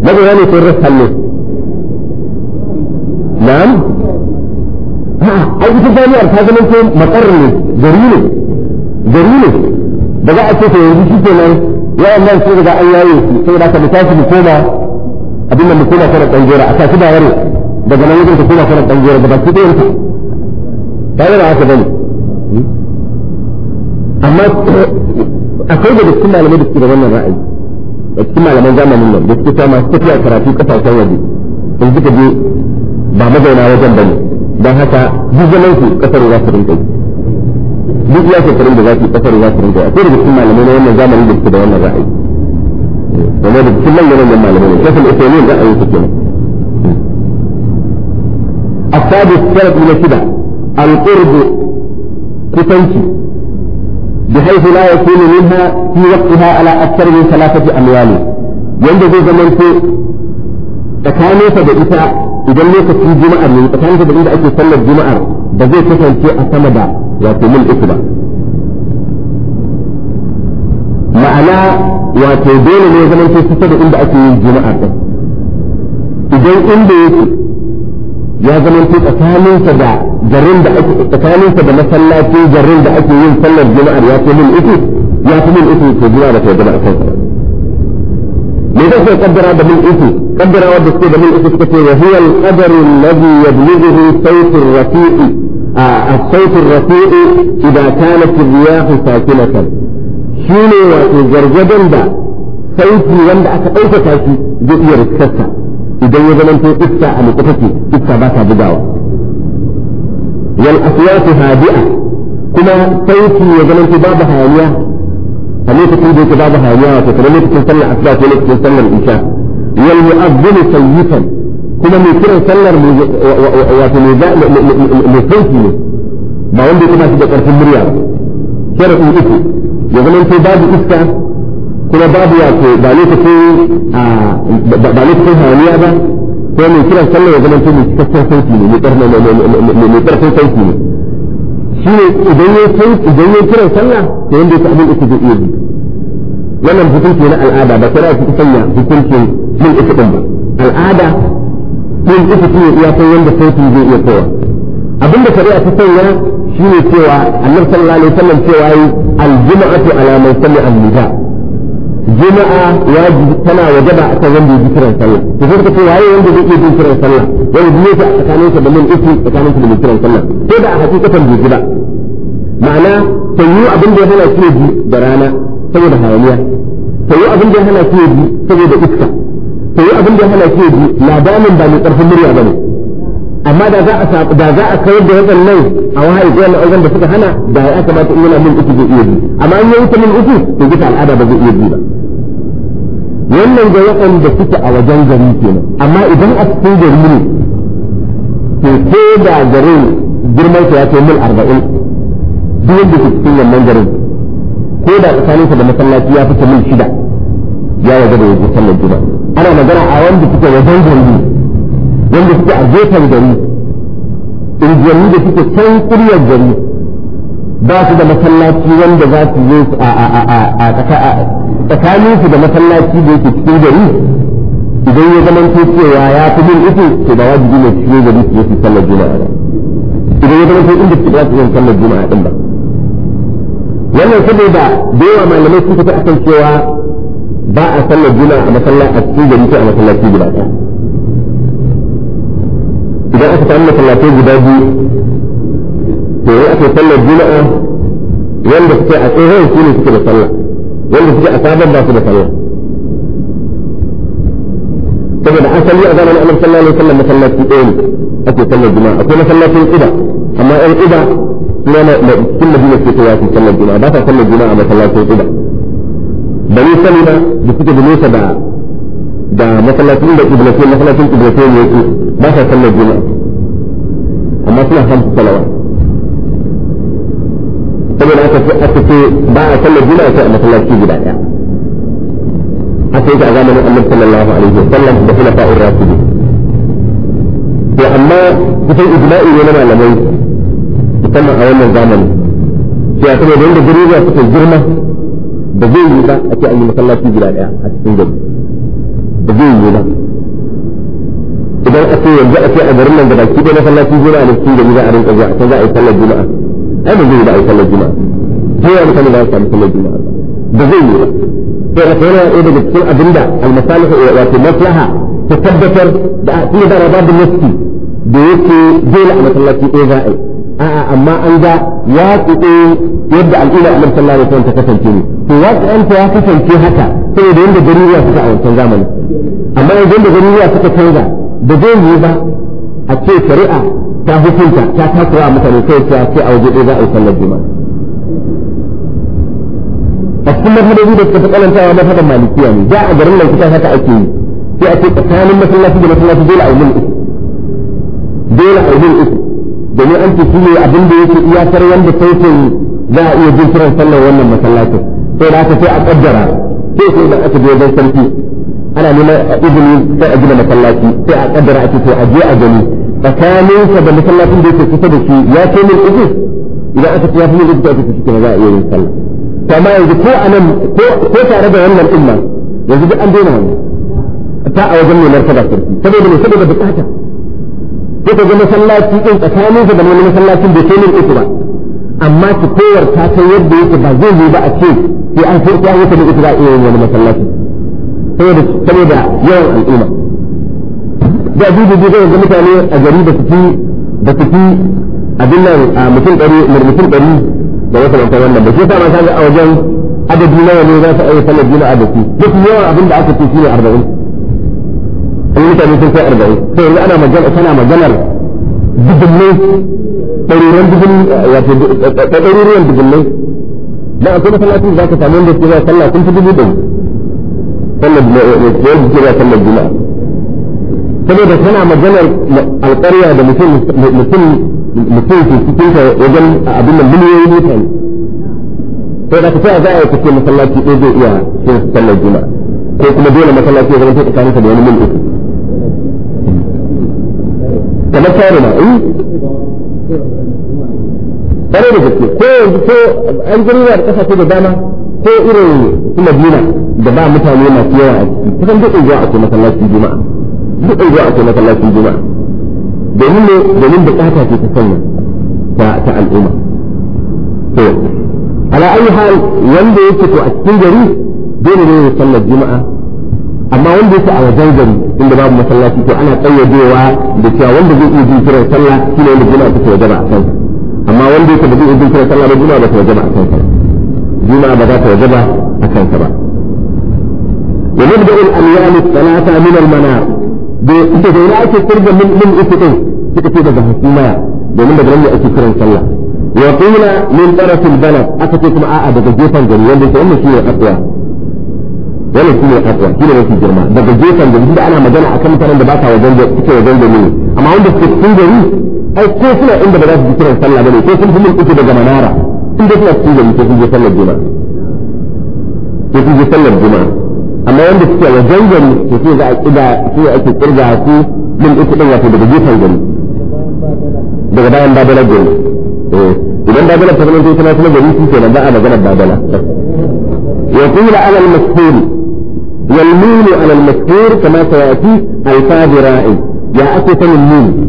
mazauna ne ko rufan ne na'am a ita jami'ar ta zama ko matsar ne gari ne gari ne ba za a ce ta yanzu shi kenan yawan nan sun riga an yaye su saboda ka mu tashi mu koma abin da mu koma kada ɗan jera a tashi ba yaro daga nan wajen su kuma sanar dan gero da baki ɗayan ta ba da haka bane amma akwai da cikin malamai da suke da wannan ra'ayi da cikin malaman zamanin nan da suke ta masu tafiya karatu kasashen waje sun suka je ba mazauna wajen bane don haka duk zaman su kasar za su rinka yi duk ya shekarun da za su kasar za su rinka akwai da cikin malamai na wannan zamanin da suke da wannan ra'ayi wanda da cikin manyan malamai ne kafin isaimin ra'ayin su kenan السادس سند من كده القرب كتنشي بحيث لا يكون منها في وقتها على أكثر من ثلاثة أموال ينبغي زمن في تكانيك بإساء إذا ليس في جمعة من تكانيك بإذا أكي صلى الجمعة بزي كتن في أسمد وفي من إسبة معنى وفي دين من زمن في ستة إذا أكي الجمعة إذا إن بيكي ya zama ko tsakaninsa da garin da ake tsakaninsa da masallaci garin da ake yin sallar juma'ar ya ce min uku ya fi min uku to juma'a da ta jama'a kan sa me zai sai kaddara da min uku kaddara wanda suke da min uku suka ce wa huwa al-qadar alladhi yablughu sawt ar-rafiq الصوت الرفيع إذا كانت الرياح ساكنة شنو وتزرجدا صوتي ولا أتأوفك في جئير السكة إذا يزمن إفتا أم قفتي إفتا باتا بداوة والأصوات هادئة كما صوتي يزمن باب هانية فليس تريد باب هانية وتتمنى تسلى أسباب وليس تسلى الإنشاء والمؤذن سيفا كما ميكرا كرة سلر وتنزاء لصوتي ما عندي كما تبقى في المريا كرة إفتا يزمن باب إفتا kuma babu wato ba lokacin ba lokacin hayaniya ba ko mai kiran sallar ya zama mai cikakken sauti ne mai karfin sauti ne shi ne idan ya idan ya kiran sallah to wanda yake abin uku zai iya bi wannan hukunci na al'ada ba kira ku sanya hukuncin min din ba al'ada min ne iya san zai iya kowa shari'a ta sanya shine cewa annabi sallallahu alaihi wasallam cewa yi al-jum'atu ala man sami'a al juma'a wajibi tana wajaba akan wanda ya kiran sallah to sai ka ce waye wanda zai iya kiran sallah wani ne ta tsakanin sa da mun isi tsakanin sa da kiran sallah sai da a hakikatan bai ba ma'ana yi abin da ya hana shi ji da rana saboda hayaniya yi abin da ya hana shi ji saboda iska yi abin da ya hana shi bi labarin ba mai karfin murya bane amma da za a da za a kawar da wannan nan a wahayi ko na auren da suka hana da ya kamata in yana min uku zai iya bi amma in ya wuce min uku to gita al'ada ba zai iya bi ba wannan ga waɗanda suke a wajen gari kenan amma idan a cikin gari ne to ko da garin girman ya kai mil arba'in duk wanda ke cikin wannan garin ko da tsakaninsa da masallaci ya fita mil shida ya waje da wajen sallar juma'a ana magana a wanda suke wajen gari wanda suke a gefen gari injiyanni da suke can kuryar gari ba su da masallaci wanda za su yi a tsakanin su da masallaci da yake cikin gari idan ya zama ce cewa ya fi bin ita ke da wajibi ne cikin gari su yi sallar juma'a idan ya zama ce inda su ba su yi sallar juma'a din ba wannan saboda da yawa malamai su ta akan cewa ba a sallar juna a masallaci a cikin gari ko a masallaci guda ɗaya idan aka samu masallatai guda biyu يعني طيب، في وقت صلى الجمعة يلا في ساعة ايه هو يكون في كده صلى يلا في ساعة سابا ما في صلى طب العسل يأذن أنا صلى الله عليه وسلم ما صلت في ايه أتي صلى الجمعة أتي ما صلى في الإبا أما الإبا لا ما ما كل مدينة في قوات صلى الجمعة بس صلى الجمعة ما صلى في الإبا بني سلمة بفكة بني سبعة دا ما صلى في الإبا ابن سلمة ما صلى في الإبا ما صلى في الإبا ما صلى في الإبا ما صلى في الإبا saboda da aka ce ba a sallar juma'a sai a masallaci guda daya haka yake a zamanin annabi sallallahu alaihi wasallam da kuma fa'ir rasuli to amma kusan ijma'i ne na malamai musamman a wannan zamanin sai a saboda yadda garuruwa suka girma da zai yi ba a ce an yi masallaci guda daya a cikin gari da zai yi ba idan a ce yanzu a ce a garin nan da baki da masallaci juma'a ne cikin gari za a rinka zuwa a can za a yi sallar juma'a ai ba zai yi da ai sallar juma'a ko ya mutane ba su sallar juma'a ba zai yi ba sai ka yana ɗaya daga cikin abinda almasalihu wato maslaha ta tabbatar da kuma da rabab nafsi da yake dole a masallaci ɗaya za a a'a amma an ga ya kuɗe yadda al'umma a sallallahu alaihi wasallam ta kasance ne to ya kuɗanta ya kasance haka saboda yadda garuruwa suka a wancan zamanin amma yadda da garuruwa suka canza da zai yi ba a ce shari'a ta hukunta ta a mutane sai ta ce a waje ɗaya za a yi sallar juma'a a cikin mazhabobi da suka fi tsanantawa mazhaban malikiya ne za a garin nan kusa haka ake yi sai a ce tsakanin masallaci da masallaci dole a yi uku dole a yi uku domin an ce shine abin da yake iyakar wanda sautin za a iya jin kiran sallar wannan masallacin sai da aka sai a kaddara sai sai da aka je wajen sarki ana neman izini sai a gina masallaci sai a kaddara ake to a je a gani tsakaninsa da masallacin da yake kusa da shi ya ce min uku idan aka ce ya fi min uku aka ce za a iya yin sallah to amma yanzu ko a nan ko tare da wannan din yanzu duk an daina wannan ta a wajen mai martaba sarki saboda ne saboda bukata ko ka ga masallaci din tsakaninsa da wani masallacin da ke min uku ba amma ki kowar ta ta yadda yake ba zai yi ba a ce sai an furta yake da uku za a iya yin wani masallaci saboda saboda yawan al'umma da dudu dudu ga mutane a gari da su fi da su fi abin nan a mutum ɗari mutum ɗari da wasu lantar wannan ba shi ta ma kaga a wajen adadi nawa ne za su aure sanar jina adadi duk yawan abin da aka ce shi ne arba'in in mutane sun kai arba'in sai yanzu ana magana tana maganar dubulle ɗaruruwan dubun wato ɗaruruwan dubulle da a kuma salatin za ka samu wanda ke zuwa sallah kun fi dubu ɗin sallar juma'a ne ke zuwa sallar juma'a فلو ده هنا مجال القرية ده مثل مثل مثل في ستين وجل أبونا مليون مثلا فإذا كفاء ذاك في مثلا في إيه يا في مثلا الجمعة في كل دولة مثلا في غير مثلا كان في يوم الأحد كما صارنا إيه فلو ده كذي كو كو أنجلينا كذا في دبانا كو إيه في مدينة دبانا مثلا يوم الأحد كذا بيجوا مثلا في الجمعة duk an zuwa a kai masallacin juma'a domin ne domin bukata ce ta sanya ta al'umma to ala ayi hal wanda yake to a cikin gari dole ne ya sallar juma'a amma wanda yake a wajen gari inda babu masallaci to ana tsayyadewa da cewa wanda zai iya jin sallah sallah ne wanda juma'a take wajaba a kansa amma wanda yake ba zai iya jin sallah ba juma'a ba ta wajaba a kansa juma'a ba za ta wajaba a kansa ba ومبدأ الأميال الثلاثة من المنار da ita da ina ake kirga min min ita din suka ce daga hakimaya domin daga nan ake kiran sallah wa qila min taraf al balad aka ce kuma a'a daga gefen gari wanda ke wannan shine aqwa wannan shine aqwa shine mafi girma daga gefen gari da ana magana akan mutanen da ba sa wajen da suke wajen gari ne amma wanda suke cikin gari ai ko suna inda ba za su ji kiran sallah bane ko sun fi min ita daga manara inda suna cikin gari ko sun je sallar juma'a ko sun je sallar juma'a أما يوم بسكي وجنجا يصير إذا في أكي ترجع فيه من أكي تنوى في بغجي فنجن بغبان بابلا جن إذن بابلا تغنون تيسنا سنة جريسي سنة باء مجنب بابلا يقول على المسكور يلمون على المسكور كما سيأتي ألفاظ رائد يا أكي تن المون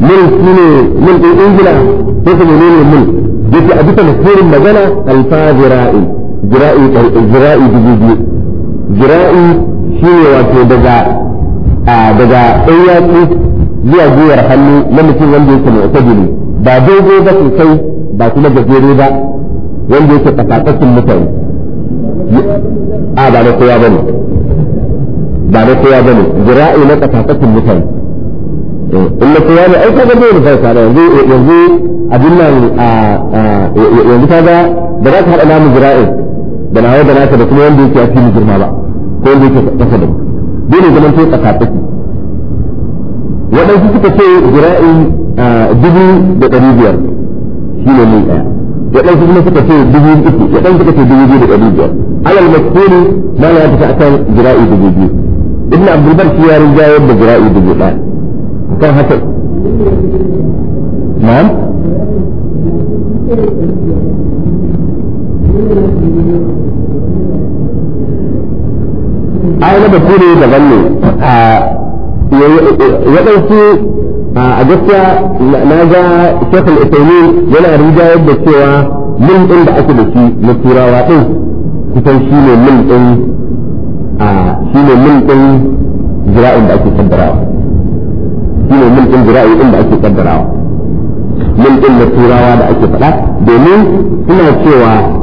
من سنة من إنجلة تسمى مين المون يتأبت مسكور مجنة ألفاظ رائد جرائي جرائي جرائي jira'i ne wato daga daga ɗan yatsu zuwa gwiwar hannu na mutum wanda yake jini ba daidai ba sosai ba kuma gajere ba wanda yake tsakatsakin mutane a ba na kowa ne ba na kowa ne jira'i na tsakatsakin mutane eh, in na kowa ne ai kaga bai da farka da yanzu yanzu abin nan yanzu ta kaga da za ka haɗa namun jira'in da nawa da naka da kuma wanda yake a cikin girma ba ko wanda yake kasa da ne zaman to tsakatsaki waɗansu suka ce jira'i dubu da ɗari biyar shi ne mai ɗaya waɗansu kuma suka ce dubu uku waɗansu suka ce dubu biyu da ɗari biyar alal maskuni ma ya tafi akan jira'i dubu biyu ibn abdulbar shi ya rinjayar yadda jira'i dubu ɗaya akan haka ma'am ai da bature daban ne ya ɗauki a gaskiya na ga shekul isaini yana rija yadda cewa min ɗin da ake da shi na turawa ɗin kusan shi ne min ɗin shi ne min ɗin jira'in da ake kaddarawa shi ne min ɗin jira'in ɗin da ake kaddarawa min ɗin na turawa da ake faɗa domin suna cewa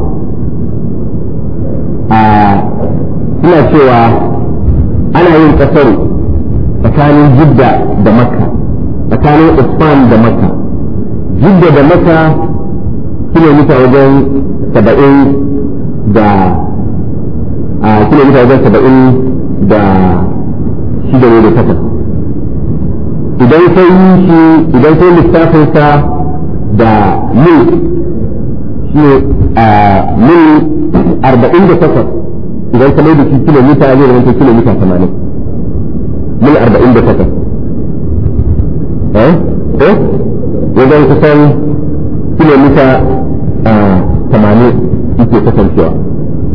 ina cewa ana yin kasar tsakanin jidda da maka tsakanin usman da maka jidda da kuma kilomita wajen saba'in da a kilomita wajen saba'in da shida ne da takas idan sai yi shi idan sai lissafinsa da mil shi ne a mil arba'in da takwas idan ka mai da shi kilomita zai zama ta kilomita tamanin mil arba'in da takwas eh eh wajen kusan kilomita ah, tamanin yake kasancewa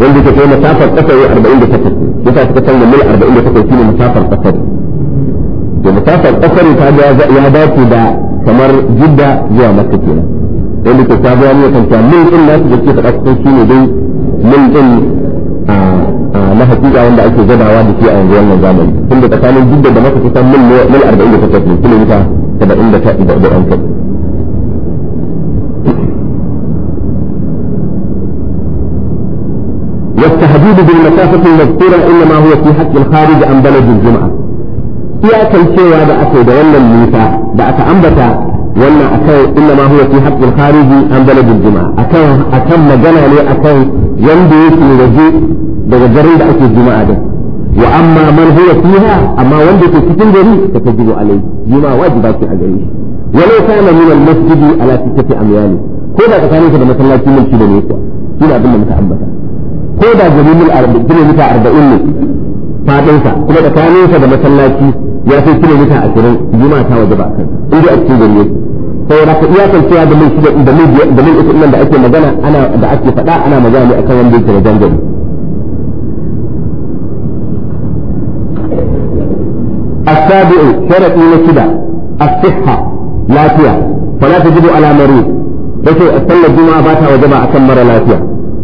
wanda ke kai masafar kasa ya arba'in da takwas yasa suka canza mil arba'in da takwas shine masafar ƙasar to masafar ƙasar ta ya dace da kamar jidda zuwa makka kenan wanda ke ta zama ne kan mil ɗin nasu da ke faɗa shine dai mil din na hakika wanda ake gadawa da shi a yanzu wannan zamani tun da tsakanin jidda da maka kusan mil mil 48 ne kilomita 70 da da ɗan kai والتحديد بالمسافة المذكورة إنما هو في حق الخارج عن بلد الجمعة. يا كي شيء هذا أكو ده ولا الميتا ده أتأمبتا ولا أكو إنما هو في حق الخارج عن بلد الجمعة. أكو أكم مجانا لي أكو wanda yake waje daga garin da ake juma'a din wa amma man huwa fiha amma wanda yake cikin gari ta tajibu alai juma'a wajiba ce a gare shi walau kana min al-masjid ala sittati amyali ko da tsakanin da masallaci mun shi da ne kuwa shi da abin da muka ambata ko da jami'ul arba'in kilomita 40 ne fadinsa kuma tsakaninsa da masallaci ya kai kilomita 20 juma'a ta wajaba kan inda a cikin gari yake saboda ka iya kwanciya da mai shida da mai da mai uku nan da ake magana ana da ake faɗa ana magana akan wanda yake da gangan السابع شرط من كده الصحة لا فيها فلا تجد على مريض yace sallar juma'a ba ta wajaba akan mara lafiya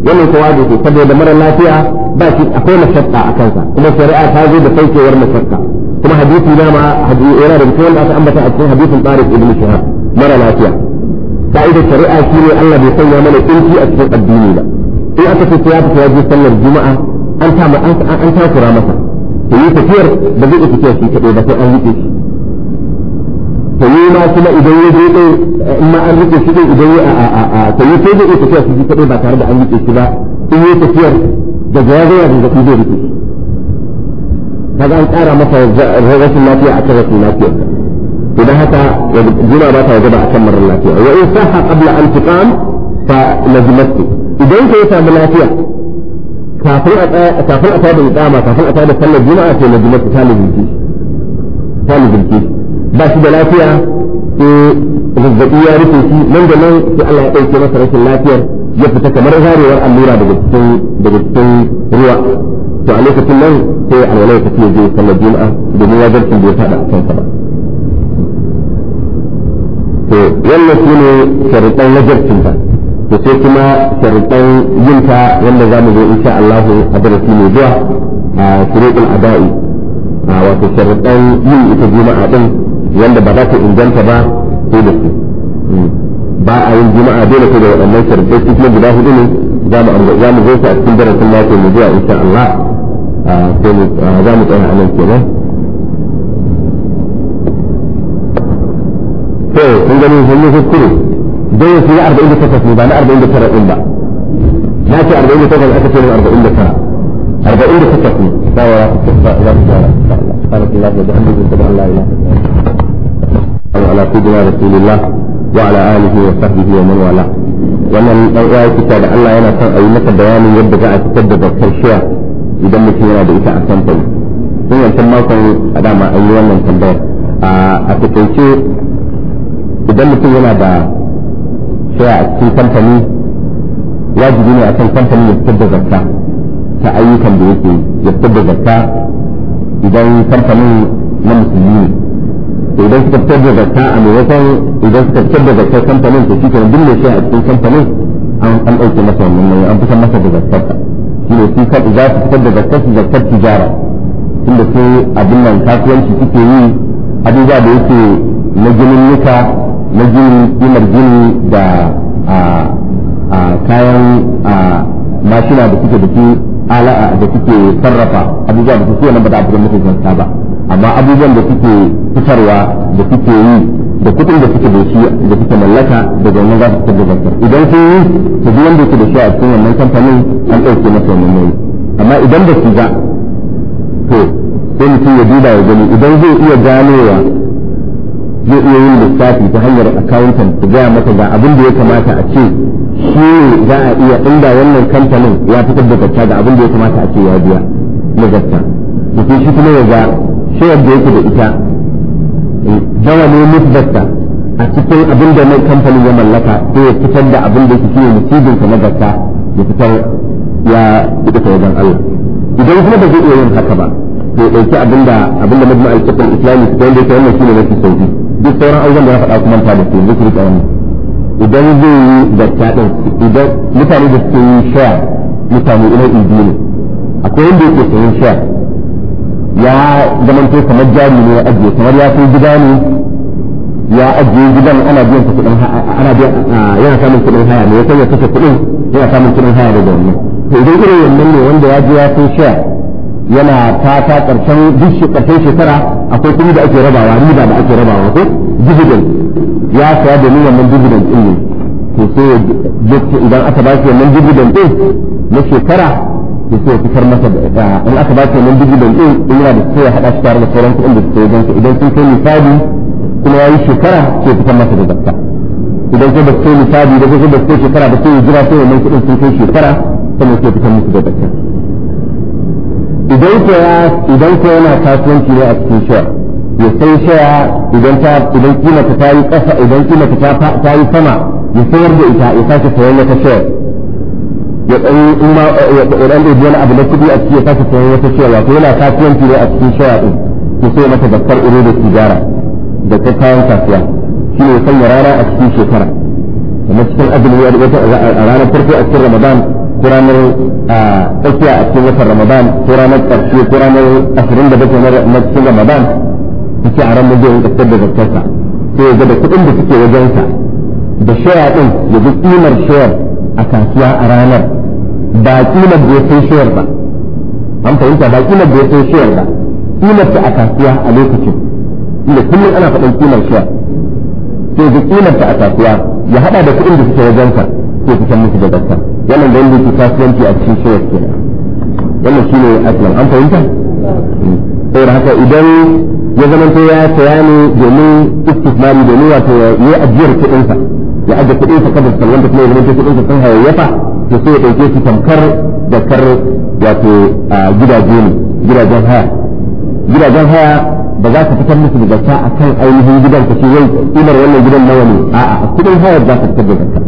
wannan kowa da ke saboda mara lafiya ba shi akwai mashakka a kansa kuma shari'a ta zo da saukewar mashakka kuma hadisi na ma hadisi yana da cikin wanda aka ambata a cikin hadisin Tariq ibn Shihab mara lafiya ka'ida shari'a ne Allah bai sanya mana tsinki a cikin addini ba in aka ce ya fita waje sallar juma'a an ta ma an takura masa to yi tafiyar ba zai tafiya shi kadai ba sai an rike shi to yi ma kuma idan ya je dai in ma an rike shi dai idan ya a a a to yi sai zai tafiya shi kadai ba tare da an rike shi ba in yi tafiyar da ya ya zazzabi zai rike shi kaga an kara masa rashin lafiya a kan rashin lafiyarsa إذا هتا جنا باتا وجب أكمل اللاتية وإن صح قبل أن تقام فنجمته إذا أنت يسام اللاتية كافر هذا الإقامة كافر هذا صلى جنا في نجمته ثاني الجيش ثاني الجيش بس بلاتية في الزكية رفيسي من جنان في الله يقول في مصر في اللاتية يفتك مرغار والأمورة بجبتين بجبتين رواء فعليك كلهم في الولاية في الجيش صلى الجمعة بمواجهة الجيش هذا أحسن to wannan su ne sharuɗan ta to sai kuma sharuɗan ta wanda za mu zo insha Allah a darasi mai zuwa a shuruɗin ada'i a wato sharuɗan yin ita juma'a din wanda ba za ta inganta ba sai da su hmm. ba a yin juma'a dole sai da waɗannan sharuɗai su kuma guda hudu ne za mu zo su a cikin darasin lafiya mai zuwa insha Allah za mu tsaya a nan kenan to kun gani sun yi kuskure dole su yi arba'in da takwas ne ba na arba'in da tara ɗin ba na ce arba'in da takwas aka ce ne arba'in da tara arba'in da takwas ne sawa za ku fara سبحانك اللهم وبحمدك اشهد ان لا اله الا انت على سيدنا رسول الله وعلى اله وصحبه ومن والاه wannan dan uwa yake da Allah yana son a yi maka bayanin yadda za a fitar da zakar shiya idan mutum yana da ita a kamfani sun yancan makon a dama an yi wannan tambayar a takaice idan mutum yana da shaya a cikin kamfani wajibi ne a kan kamfani ya fitar da zarta ta ayyukan da yake ya fitar da zarta idan kamfanin na musulmi ne idan suka fitar da zarta a maimakon idan suka fitar da zarta kamfanin to shi kenan duk mai shaya a cikin kamfanin an an ɗauke masa wannan nauyi an fitar masa da zakkarsa shi ne su kan za su fitar da zakkar su zakkar tijara tunda sai abin nan kasuwanci suke yi abubuwa da yake na ginin nuka na gini gimar gini da kayan mashina da suke da su ala da suke sarrafa abubuwa da suke nan ba da abubuwan mutum zanta ba amma abubuwan da suke fitarwa da suke yi da kuɗin da suke da shi da suke mallaka da gwamnan za su fitar da zakar idan sun yi to duk wanda yake da shi a cikin wannan kamfanin an ɗauke masa wannan nauyi amma idan ba su ga to sai mutum ya duba ya gani idan zai iya ganowa zai iya yin lissafi ta hanyar akawuntan ta gaya mata ga abin da ya kamata a ce shi ne za a iya inda wannan kamfanin ya fitar da gatta ga abin da ya kamata a ce ya biya na gatta da shi kuma ya ga shayar da yake da ita dawa eh, ne musbatta a cikin abin da mai kamfanin ya mallaka sai ya fitar da abin da yake musibin na gatta ya fitar ya fita ta wajen Allah idan kuma ba zai iya yin haka ba to dauki abin da abin da majma'al fiqh islami ta wanda yake wannan shine mafi sauki duk sauran abubuwan da ya faɗa kuma ta da su duk rika wannan idan zai yi da din idan mutane da suke yi sha mutane ina ibi ne akwai wanda yake sayin sha ya zamanto kamar jari ne ya ajiye kamar ya fi gida ne ya ajiye gidan ana biyan kuɗin ana biyan yana samun kuɗin haya ne ya kai ya kashe kuɗin yana samun kuɗin haya daga wannan to idan irin wannan ne wanda ya je ya fi sha yana fata karshen duk karshen shekara akwai kuma da ake rabawa riba da ake rabawa ko dividend ya saya domin wannan dividend din ne to sai idan aka ba shi wannan dividend din na shekara to sai fitar masa da in aka ba shi wannan dividend din in yana da sai ya hada shi tare da sauran kuɗin da suke wajen idan sun kai misali kuma yi shekara sai fitar masa da zakka idan sai da kai misali da sai da kai shekara da sai ya jira sai wannan kuɗin sun kai shekara sannan sai fitar musu da zakka idan ko ya idan ko yana kasuwanci ne a cikin shaya ya sai shaya idan ta idan kimata ta yi kasa idan kimata ta ta yi sama ya sayar da ita ya sake sayar wata shaya ya dan in ma ya dan da wani abu na kudi a cikin ya sake sayar wata shaya wato yana kasuwanci ne a cikin shaya din ya sai mata daftar ido da sigara da ta kayan kasuwa shi ne sanya rana a cikin shekara kuma cikin azumi a ranar farko a cikin ramadan ranar a tsakiya a cikin watan ramadan ko ranar ƙarshe ko ranar ashirin da bakwai na cikin ramadan ce a ran zai rinka fitar da zartarsa sai ya gada da kuɗin da suke wajensa da shaya ɗin ya bi ƙimar shayar a kasuwa a ranar ba ƙimar da ya sai shayar ba an fahimta ba ƙimar da ya sai shayar ba ƙimar ta a kasuwa a lokacin inda kullum ana faɗin ƙimar shayar sai ya ga ƙimar ta a kasuwa ya haɗa da kuɗin da suke wajensa sai san musu da zartarsa wannan da wanda ke kasuwanci a cikin shirar ke wannan shi ne aslan an fahimta saboda haka idan ya zama ta ya saya ne domin istismari domin wato ya yi ajiyar kuɗinsa ya ajiye kuɗinsa kada su wanda kuma ya zama ta kuɗinsa sun hayayyafa to sai ya ɗauke su tamkar da kar wato gidaje ne gidajen haya gidajen haya ba za ka fitar musu da a kan ainihin gidan ka ce zai imar wannan gidan nawa ne a'a kuɗin haya za ka fitar da ta.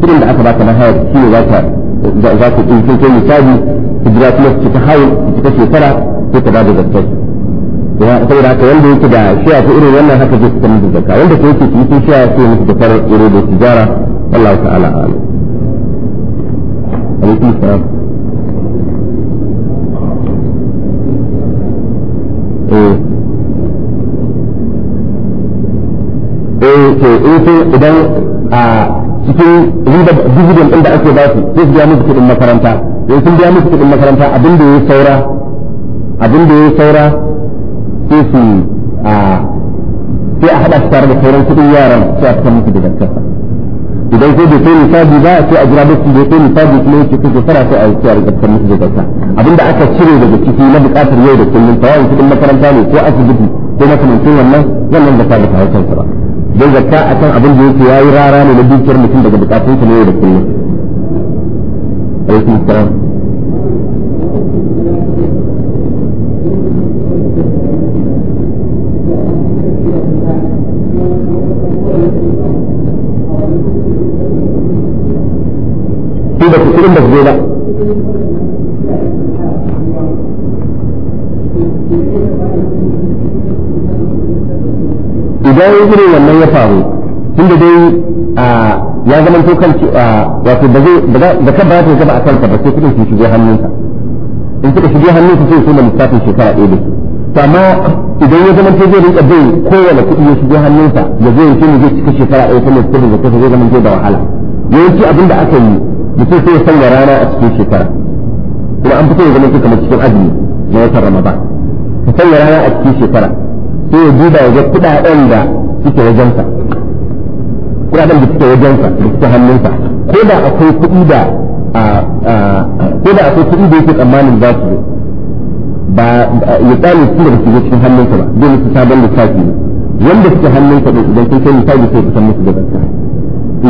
kudin da aka baka na hayar shi ne zaka za ka ɗin kai kai misali hijira kuma su ta hayo su ta shekara ko ta bada zakka saboda haka wanda yake da shiya ko irin wannan haka zai fitar da zakka wanda ko yake ki yi shiya ko musu da fara irin da tijara Allah ta'ala ala alaikum salam eh eh idan a cikin riba dividend din da ake ba su sai su biya musu kuɗin makaranta in sun biya musu kuɗin makaranta abin da ya saura abin da ya saura sai su a sai a haɗa su tare da sauran kuɗin yaran sai a fitar musu da dantarsa idan sai bai kai nisabi ba a sai a jira musu bai kai nisabi kuma yake kuke fara sai a yi tsayar da fitar musu da dantarsa abin da aka cire daga ciki na buƙatar yau da kullum tawayin kuɗin makaranta ne ko asibiti ko makamancin wannan wannan da ta ba ta haukansa ba don zakka kan abin da yake yi rara ne na dukiyar mutum daga bukatun sa ne da kullum alaikum salam da kuɗin da zai ba idan gure wannan ya faru tunda dai ya zama to kan wato da zai da kan ba ta zaba a kanta ba sai kudin su shige hannunsa in kika shige hannunsa sai su da lissafin shekara ɗaya da shi to amma idan ya zama to zai rinka bin kowane kudi ya shige hannunsa ya zo yanzu zai cika shekara ɗaya ta mai da kasa zai zama to da wahala yawanci abin da aka yi mutum sai ya sanya rana a cikin shekara kuma an fito ya zama to kamar cikin azumi na watan ramadan ka sanya rana a cikin shekara sai ya duba ya ga kuɗaɗen da suke wajensa kuɗaɗen da suke wajensa da suke hannunsa ko da akwai kuɗi da ko da akwai kuɗi da yake tsammanin za su ba ya tsani su da su cikin hannunsa ba zai musu sabon tafi ne wanda suke hannunsa ɗin idan sun kai misali sai su san musu da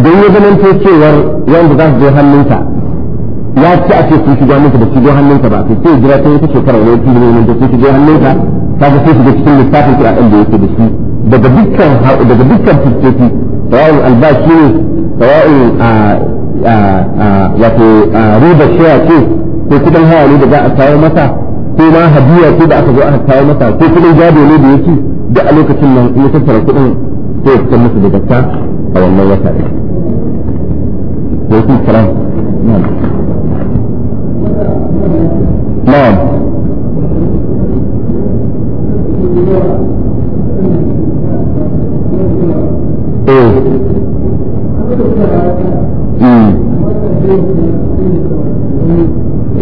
gaskiya idan ya ta cewar wanda za su je hannunsa ya ci a ce sun shiga musu da shigo hannunsa ba sai jira ta wata shekara wani fili ne da sun shigo hannunsa kaga sai shiga cikin littafin ki akan da yake da shi daga dukkan daga dukkan fuskoki sawa'un albashi a a wato riba shiya ce ko kudin hawa ne da za a kawo masa ko ma hadiya ce da aka zo aka kawo masa ko kudin gado ne da yake da a lokacin nan in tara kudin sai ya fitar musu da zakka a wannan wata ɗin. Sai kun kira. Na'am. Na'am. Eh. Eh,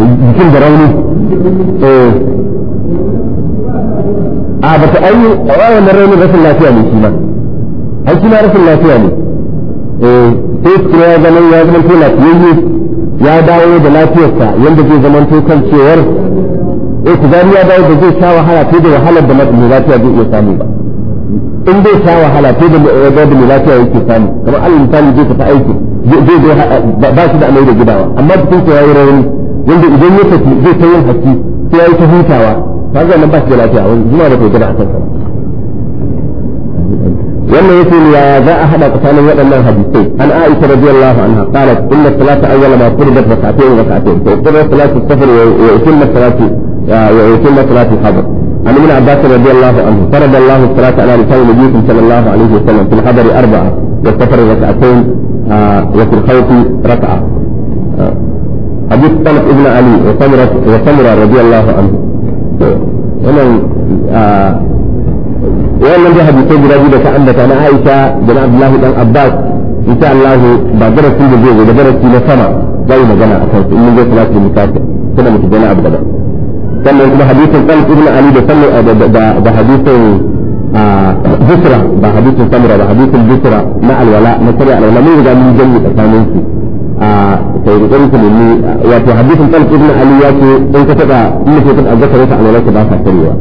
jikin da rauni eh. a ba ta ayi a wawan rauni rashin lafiya ne shi ma ai shi ma rashin lafiya ne eh sai kuma ya zama ya zama lafiyayye ya dawo da lafiyarsa yadda zai zama to kan cewar eh kuzari ya dawo da zai sha wahala fiye da wahalar da mai lafiya zai iya samu ba in zai sha wahala fiye da da mai lafiya yake samu kamar alal misali zai tafi aiki zai zai ba shi da amai da gidawa amma cikin sa yayi rauni wanda idan ya tafi zai ta yin haski sai yayi ta hutawa kaga nan ba shi da lafiya wani da kai gida akan sa wannan yake ne yaya za a hada tsakanin waɗannan hadisai an aisha radiyallahu anha qalat inna salata awwala ma furidat rak'atayn rak'atayn fa qurra salatu safar wa salatu يعني كل في القبر عن ابن عباس رضي الله عنه فرض الله الصلاة على رسول نبيه صلى الله عليه وسلم في القبر أربعة والسفر ركعتين آه، وفي الخوف ركعة حديث آه، طلق ابن علي وسمرة رضي الله عنه ومن ومن ذهب يسوي رجل كأنك أنا عائشة بن عبد الله بن عباس إن شاء الله بدرت في البيض وبدرت في السماء دائما جنى أخوك إن من ذهب ثلاثة مكاتب سنة متجنى عبد الله sannan kuma hadisin kan ibn ali da sannan da hadisin ah, bisra ba hadisin samra ba hadisin bisra na alwala na sari alwala mun riga mun jami tsakanin su a ah, sai da irin kulmi wato hadisin kan ibn ali ya ce in ka taba in ka taba zakar ta alwala ka ba ka sarewa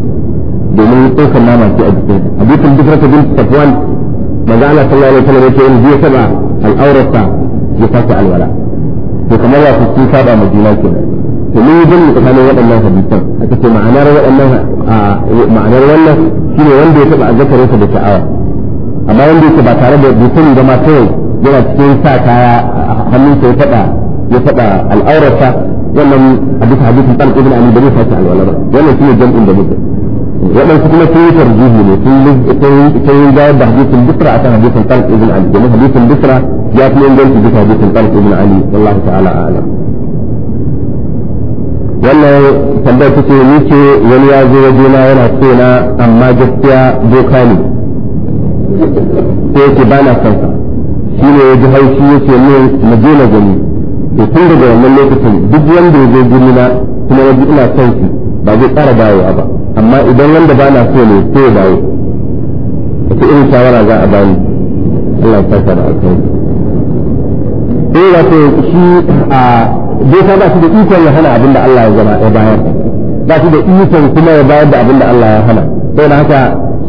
domin tsokan nama ce a jikin hadisin bisra ta bin safwan manzo Allah sallallahu alaihi wasallam yake in biya taba al'aurata ya fasa alwala to kamar ya fi saba madina kenan to mun yi zanni tsakanin waɗannan hadisan aka ce ma'anar waɗannan ma'anar wannan shine wanda ya taɓa azzakarinsa da sha'awa amma wanda yake ba tare da bisani da ma kawai yana cikin sa kaya hannunsa ya taɓa ya taɓa al'aurarsa wannan hadisi hadisin talq ibn ali da ne sace alwala ba wannan shine jam'in da muke waɗansu kuma sun tarjihi ne sun yi gayar da hadisin bisra akan hadisin talq ibn ali domin hadisin bisra ya fi inganci bisa hadisin talq ibn ali wallahu ta'ala a'lam wannan tambayar ta ce ni ce wani ya zo na yana so na amma gaskiya doka ne sai ce ba na son sa shi ne ya ji haushi ya ce min na je na gani to tun daga wannan lokacin duk wanda ya zo gani na kuma ya ji ina son shi ba zai ƙara dawowa ba amma idan wanda ba na so ne sai ya dawo wata irin shawara za a bani Allah ya saka da alkhairi. Sai eh, wato shi a doka ba shi da ikon ya hana abin da Allah ya zama ya bayar ba shi da ikon kuma ya bayar da abin da Allah ya hana sai da haka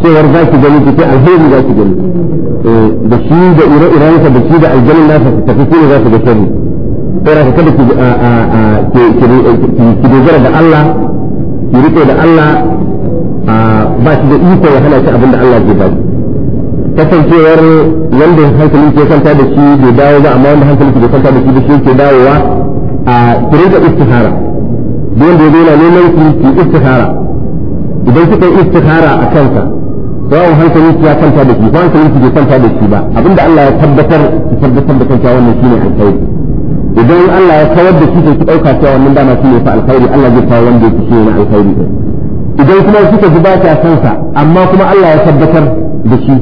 cewar za ki gani cikin alheri za ki gani eh, da shi da ire-irensa da shi da aljanin nasa ta fi kuma za su ga shari sai da kada ki dogara da Allah ki rike da Allah ba shi da ikon ya hana shi abin da Allah ke ba kasancewar wanda hankalin ke kanta da shi bai dawo ba amma wanda hankalin ke kanta da shi da shi ke dawowa a kurinka istihara don da yana neman ki ki istihara idan kika yi istihara a kanka sawa'un hankali ki ya kwanta da ki ko hankali ki bai kwanta da ki ba abinda Allah ya tabbatar ki tabbatar da kanta wannan shine alkhairi idan Allah ya kawar da ki ki dauka cewa wannan dama shine fa alkhairi Allah zai kawo wanda yake shine alkhairi idan kuma kika ji ba ta kansa amma kuma Allah ya tabbatar da shi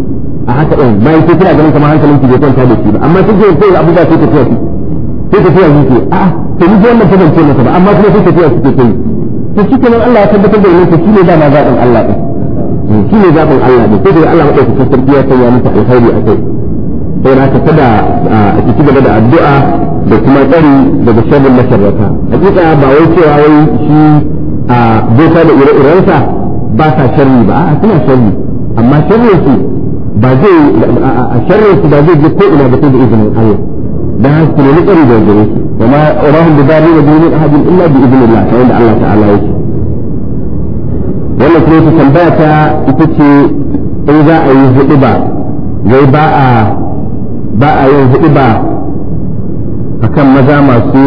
a haka ɗin bayan sai kina ganin kamar hankalin ki bai kwanta da shi ba amma kike yin abubuwa sai ka tafi sai tafiya yake a to ni wannan ta bance masa ba amma kuma sai tafiya kai to Allah ya tabbatar da da ma zaɓin Allah zaɓin Allah sai Allah ya alheri a kai sai na tafi da a gaba da addu'a da kuma tsari daga sharrin masarrata hakika ba wai cewa wai shi a doka da ire-irensa ba sa sharri ba a suna sharri amma sharrin su ba zai a sharrin ba zai je ko ina ba sai da izinin Allah ده هسكن لقري جوجري وما أراهم ببابي وبين أحد إلا wannan kuma tambaya ta ita ce in za a yi hudu ba ba a ba a yin hudu ba a kan maza masu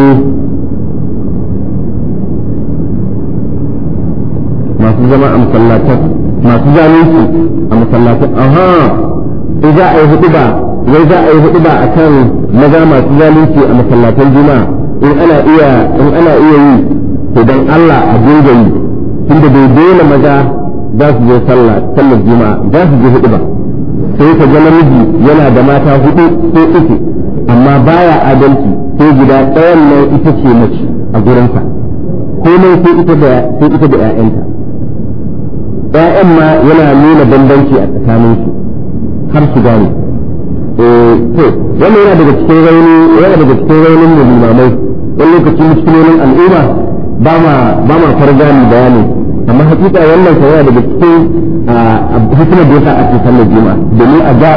masu zama a masallatar masu zalunci a masallatar aha in za a yi hudu ba wai za a yi hudu ba a kan maza masu zalunci a masallatan juma'a in ana iya in ana iya yi to dan Allah a dinga yi tunda bai dole maza za su je sallah sallar juma'a za su je hudu ba sai ka ga namiji yana da mata hudu ko uku amma baya adalci sai guda ɗayan nan ita ce mace a gurinsa komai sai ita da sai ita da ƴaƴanta ƴaƴan ma yana nuna bambanci a tsakaninsu har su gane Eh, to wannan yana daga cikin rauni yana daga cikin raunin mu limamai wani lokacin muskilolin al'umma ba ma ba ma farga ni bayani amma hakika wannan yana daga cikin hikimar da yasa ake sallar juma'a domin a ga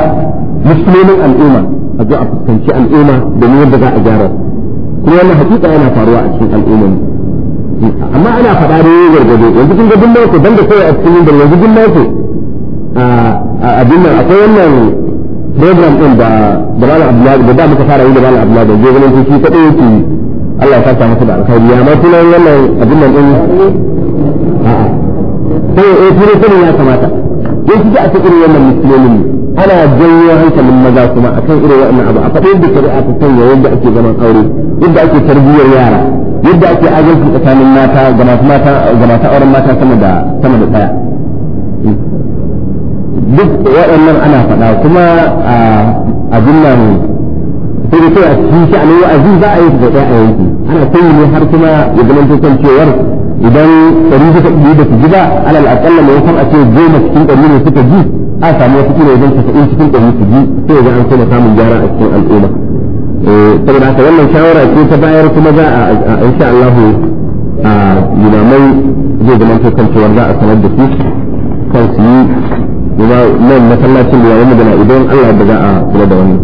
muskilolin al'umma a zo a fuskanci al'umma domin yadda za a gyara kuma wannan hakika yana faruwa a cikin al'ummar amma ana faɗa da yanzu kun ga a cikin yanzu abin nan akwai wannan program din da da abdullahi da muka fara yi da malam abdullahi da gobe nan shi Allah ya saka masa da alkhairi wannan abin nan din a'a sai eh ya kamata shi a cikin wannan ana janyo hankalin maza kuma akan irin wannan abu a faɗin da shari'a ta sanya yadda ake zaman aure yadda ake tarbiyyar yara yadda ake adalci tsakanin mata ga mata ga mata auren mata sama da sama da daya duk waɗannan ana faɗa kuma a abin ne sai da sai a cikin shi a nan wa'azi za a yi da ɗaya a yanki ana sanyi ne har kuma ya zama tukan cewar idan ɗari suka ɗi da su ji ba alal aƙalla mai yakan a ce goma cikin ɗari ne suka ji a samu wasu kilo idan casa'in cikin ɗari su ji sai ya ga an kuma samun gyara a cikin al'umma eh, saboda haka wannan shawara ce ta bayar kuma za a insha Allah a limamai zai zama tukan cewar za a sanar da su kan su yi kuma nan masallacin da yayin magana idan Allah da za a kula da wani.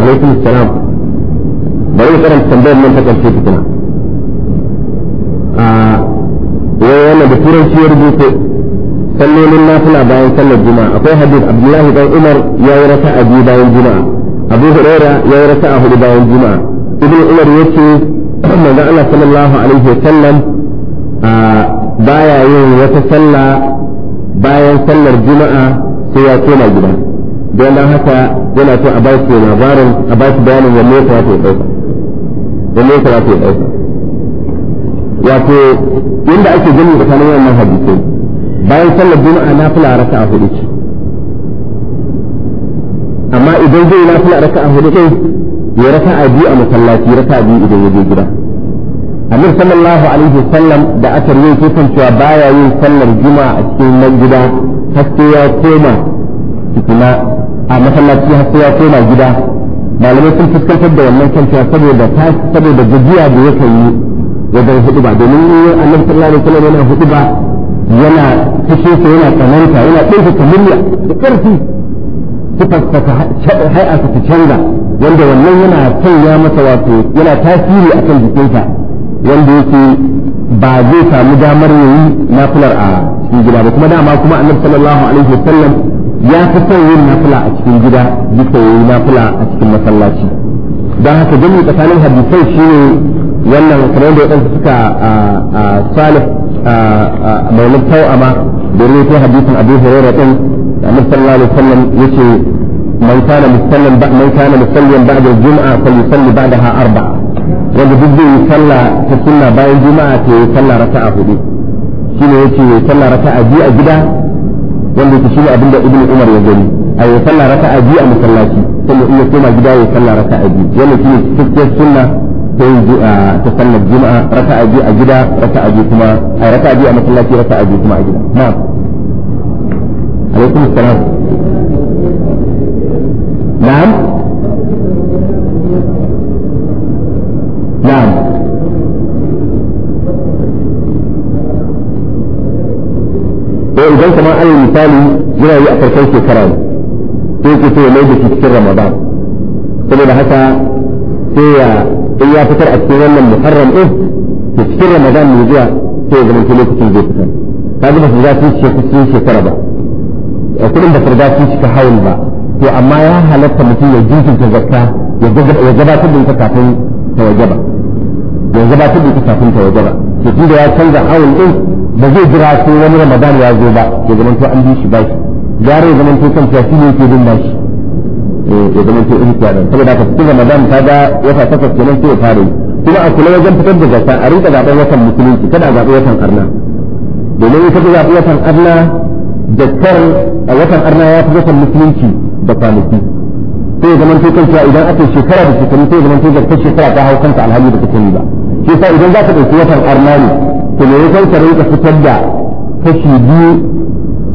alaikum salam bari karanta tambayar nan ta karshe tukuna a ah, wai wannan da turanci ya rubuta sallolin nafila bayan sallar juma'a akwai hadith abdullahi dan umar ya yi a biyu bayan juma'a abu huraira ya yi a hudu bayan juma'a ibnu umar yace manzon Allah sallallahu alaihi wa sallam ah, baya yin wata sallah bayan sallar juma'a sai ya koma gida don dan haka yana so a ba shi labarin a ba shi bayanin wanne ya kamata ya ɗauka wanne ya kamata ya ɗauka wato inda ake gani tsakanin wannan hadisai bayan sallar juma'a na fula a hudu ce amma idan zai na fula a hudu sai ya raka a biyu a masallaci raka a biyu idan ya je gida annabi sallallahu alaihi sallam da aka riyo ke cewa baya yin sallar juma'a a cikin nan gida har sai ya koma cikina a masallaci haske ya koma gida malamai sun fuskantar da wannan kan cewa saboda ta saboda gajiya da yake yi wajen hudu ba domin annabi sallallahu alaihi wasallam yana hudu ba yana cikin sa yana tsananta yana ɗauka kamiliya da ƙarfi sifar hai'a ta canza wanda wannan yana sanya masa wato yana tasiri akan jikinsa wanda yake ba zai samu damar yayi nafilar a cikin gida ba kuma dama kuma annabi sallallahu alaihi wasallam ya fi son yin nafila a cikin gida duk da yayi nafila a cikin masallaci don haka jami'i tsakanin hadisai ne wannan kamar da wadansu suka a salih maulid tau'ama da rubuta hadisin abu hurairah din annabi sallallahu alaihi wasallam yace من كان مسلم من كان مسلم بعد الجمعة فليصلي بعدها arba'a wanda duk zai yi sallah ta sunna bayan juma'a ta yi sallah raka'a hudu ne yace yi sallah raka'a biyu a gida wanda yake shine abinda ibnu umar ya gani a yi sallah raka'a biyu a masallaci sannan in ya koma gida ya sallah raka'a biyu wannan shine cikakken sunna ta yi ta sallar juma'a raka'a biyu a gida raka'a biyu kuma a raka'a biyu a masallaci raka'a biyu kuma a gida na'am alaikum assalam na'am نعم idan kamar alal misali yana yi a farkon shekara ne sai ke so ya mai cikin ramadan saboda haka sai ya fitar a cikin wannan muharram din to cikin ramadan ne zuwa sai ya zama ke lokacin zai fitar kaga ba su za su yi cikin shekara ba a kudin ba su riga su cika hawan ba to amma ya halatta mutum ya jinkirta zakka ya gabatar da ita kafin ta wajaba yanzu ba ta ta kafin ta waje ba tun tunda ya canza awon din ba zai jira sai wani ramadan ya zo ba ya zama to an bi shi baki gara ya zama to kan shi ne yake bin bashi eh, ya zama to in kenan saboda ka cikin ramadan ta ga wata takwas kenan sai ya fara yi kuma a kula wajen fitar da gasa a rika zaɓen watan musulunci kada a zaɓi watan arna domin ita ta zaɓi watan arna zakkar a watan arna ya fi watan musulunci da kwanaki sai zaman to kanta idan aka shekara da shekaru sai zaman to zartar shekara ta hau kanta alhali da kake yi ba shi sa idan za ka ɗauki watan armani to me yasan ka rinka fitar da kashi biyu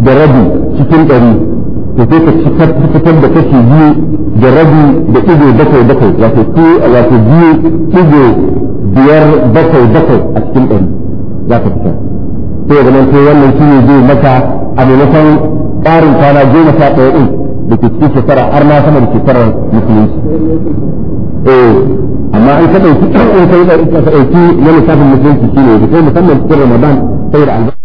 da rabi cikin ɗari to sai ka fitar da kashi biyu da rabi da ɗigo bakwai bakwai wato ku wato biyu ɗigo biyar bakwai bakwai a cikin ɗari za ka fitar sai ga nan wannan shi ne zai maka a maimakon ƙarin kwana goma sha ɗaya ɗin da ke cikin shekara har ma sama da shekarar musulunci Eh, amma an ka ɗauki ɗan in ka ɗan na ɗan ɗan ɗan da ɗan musamman ɗan ramadan ɗan ɗan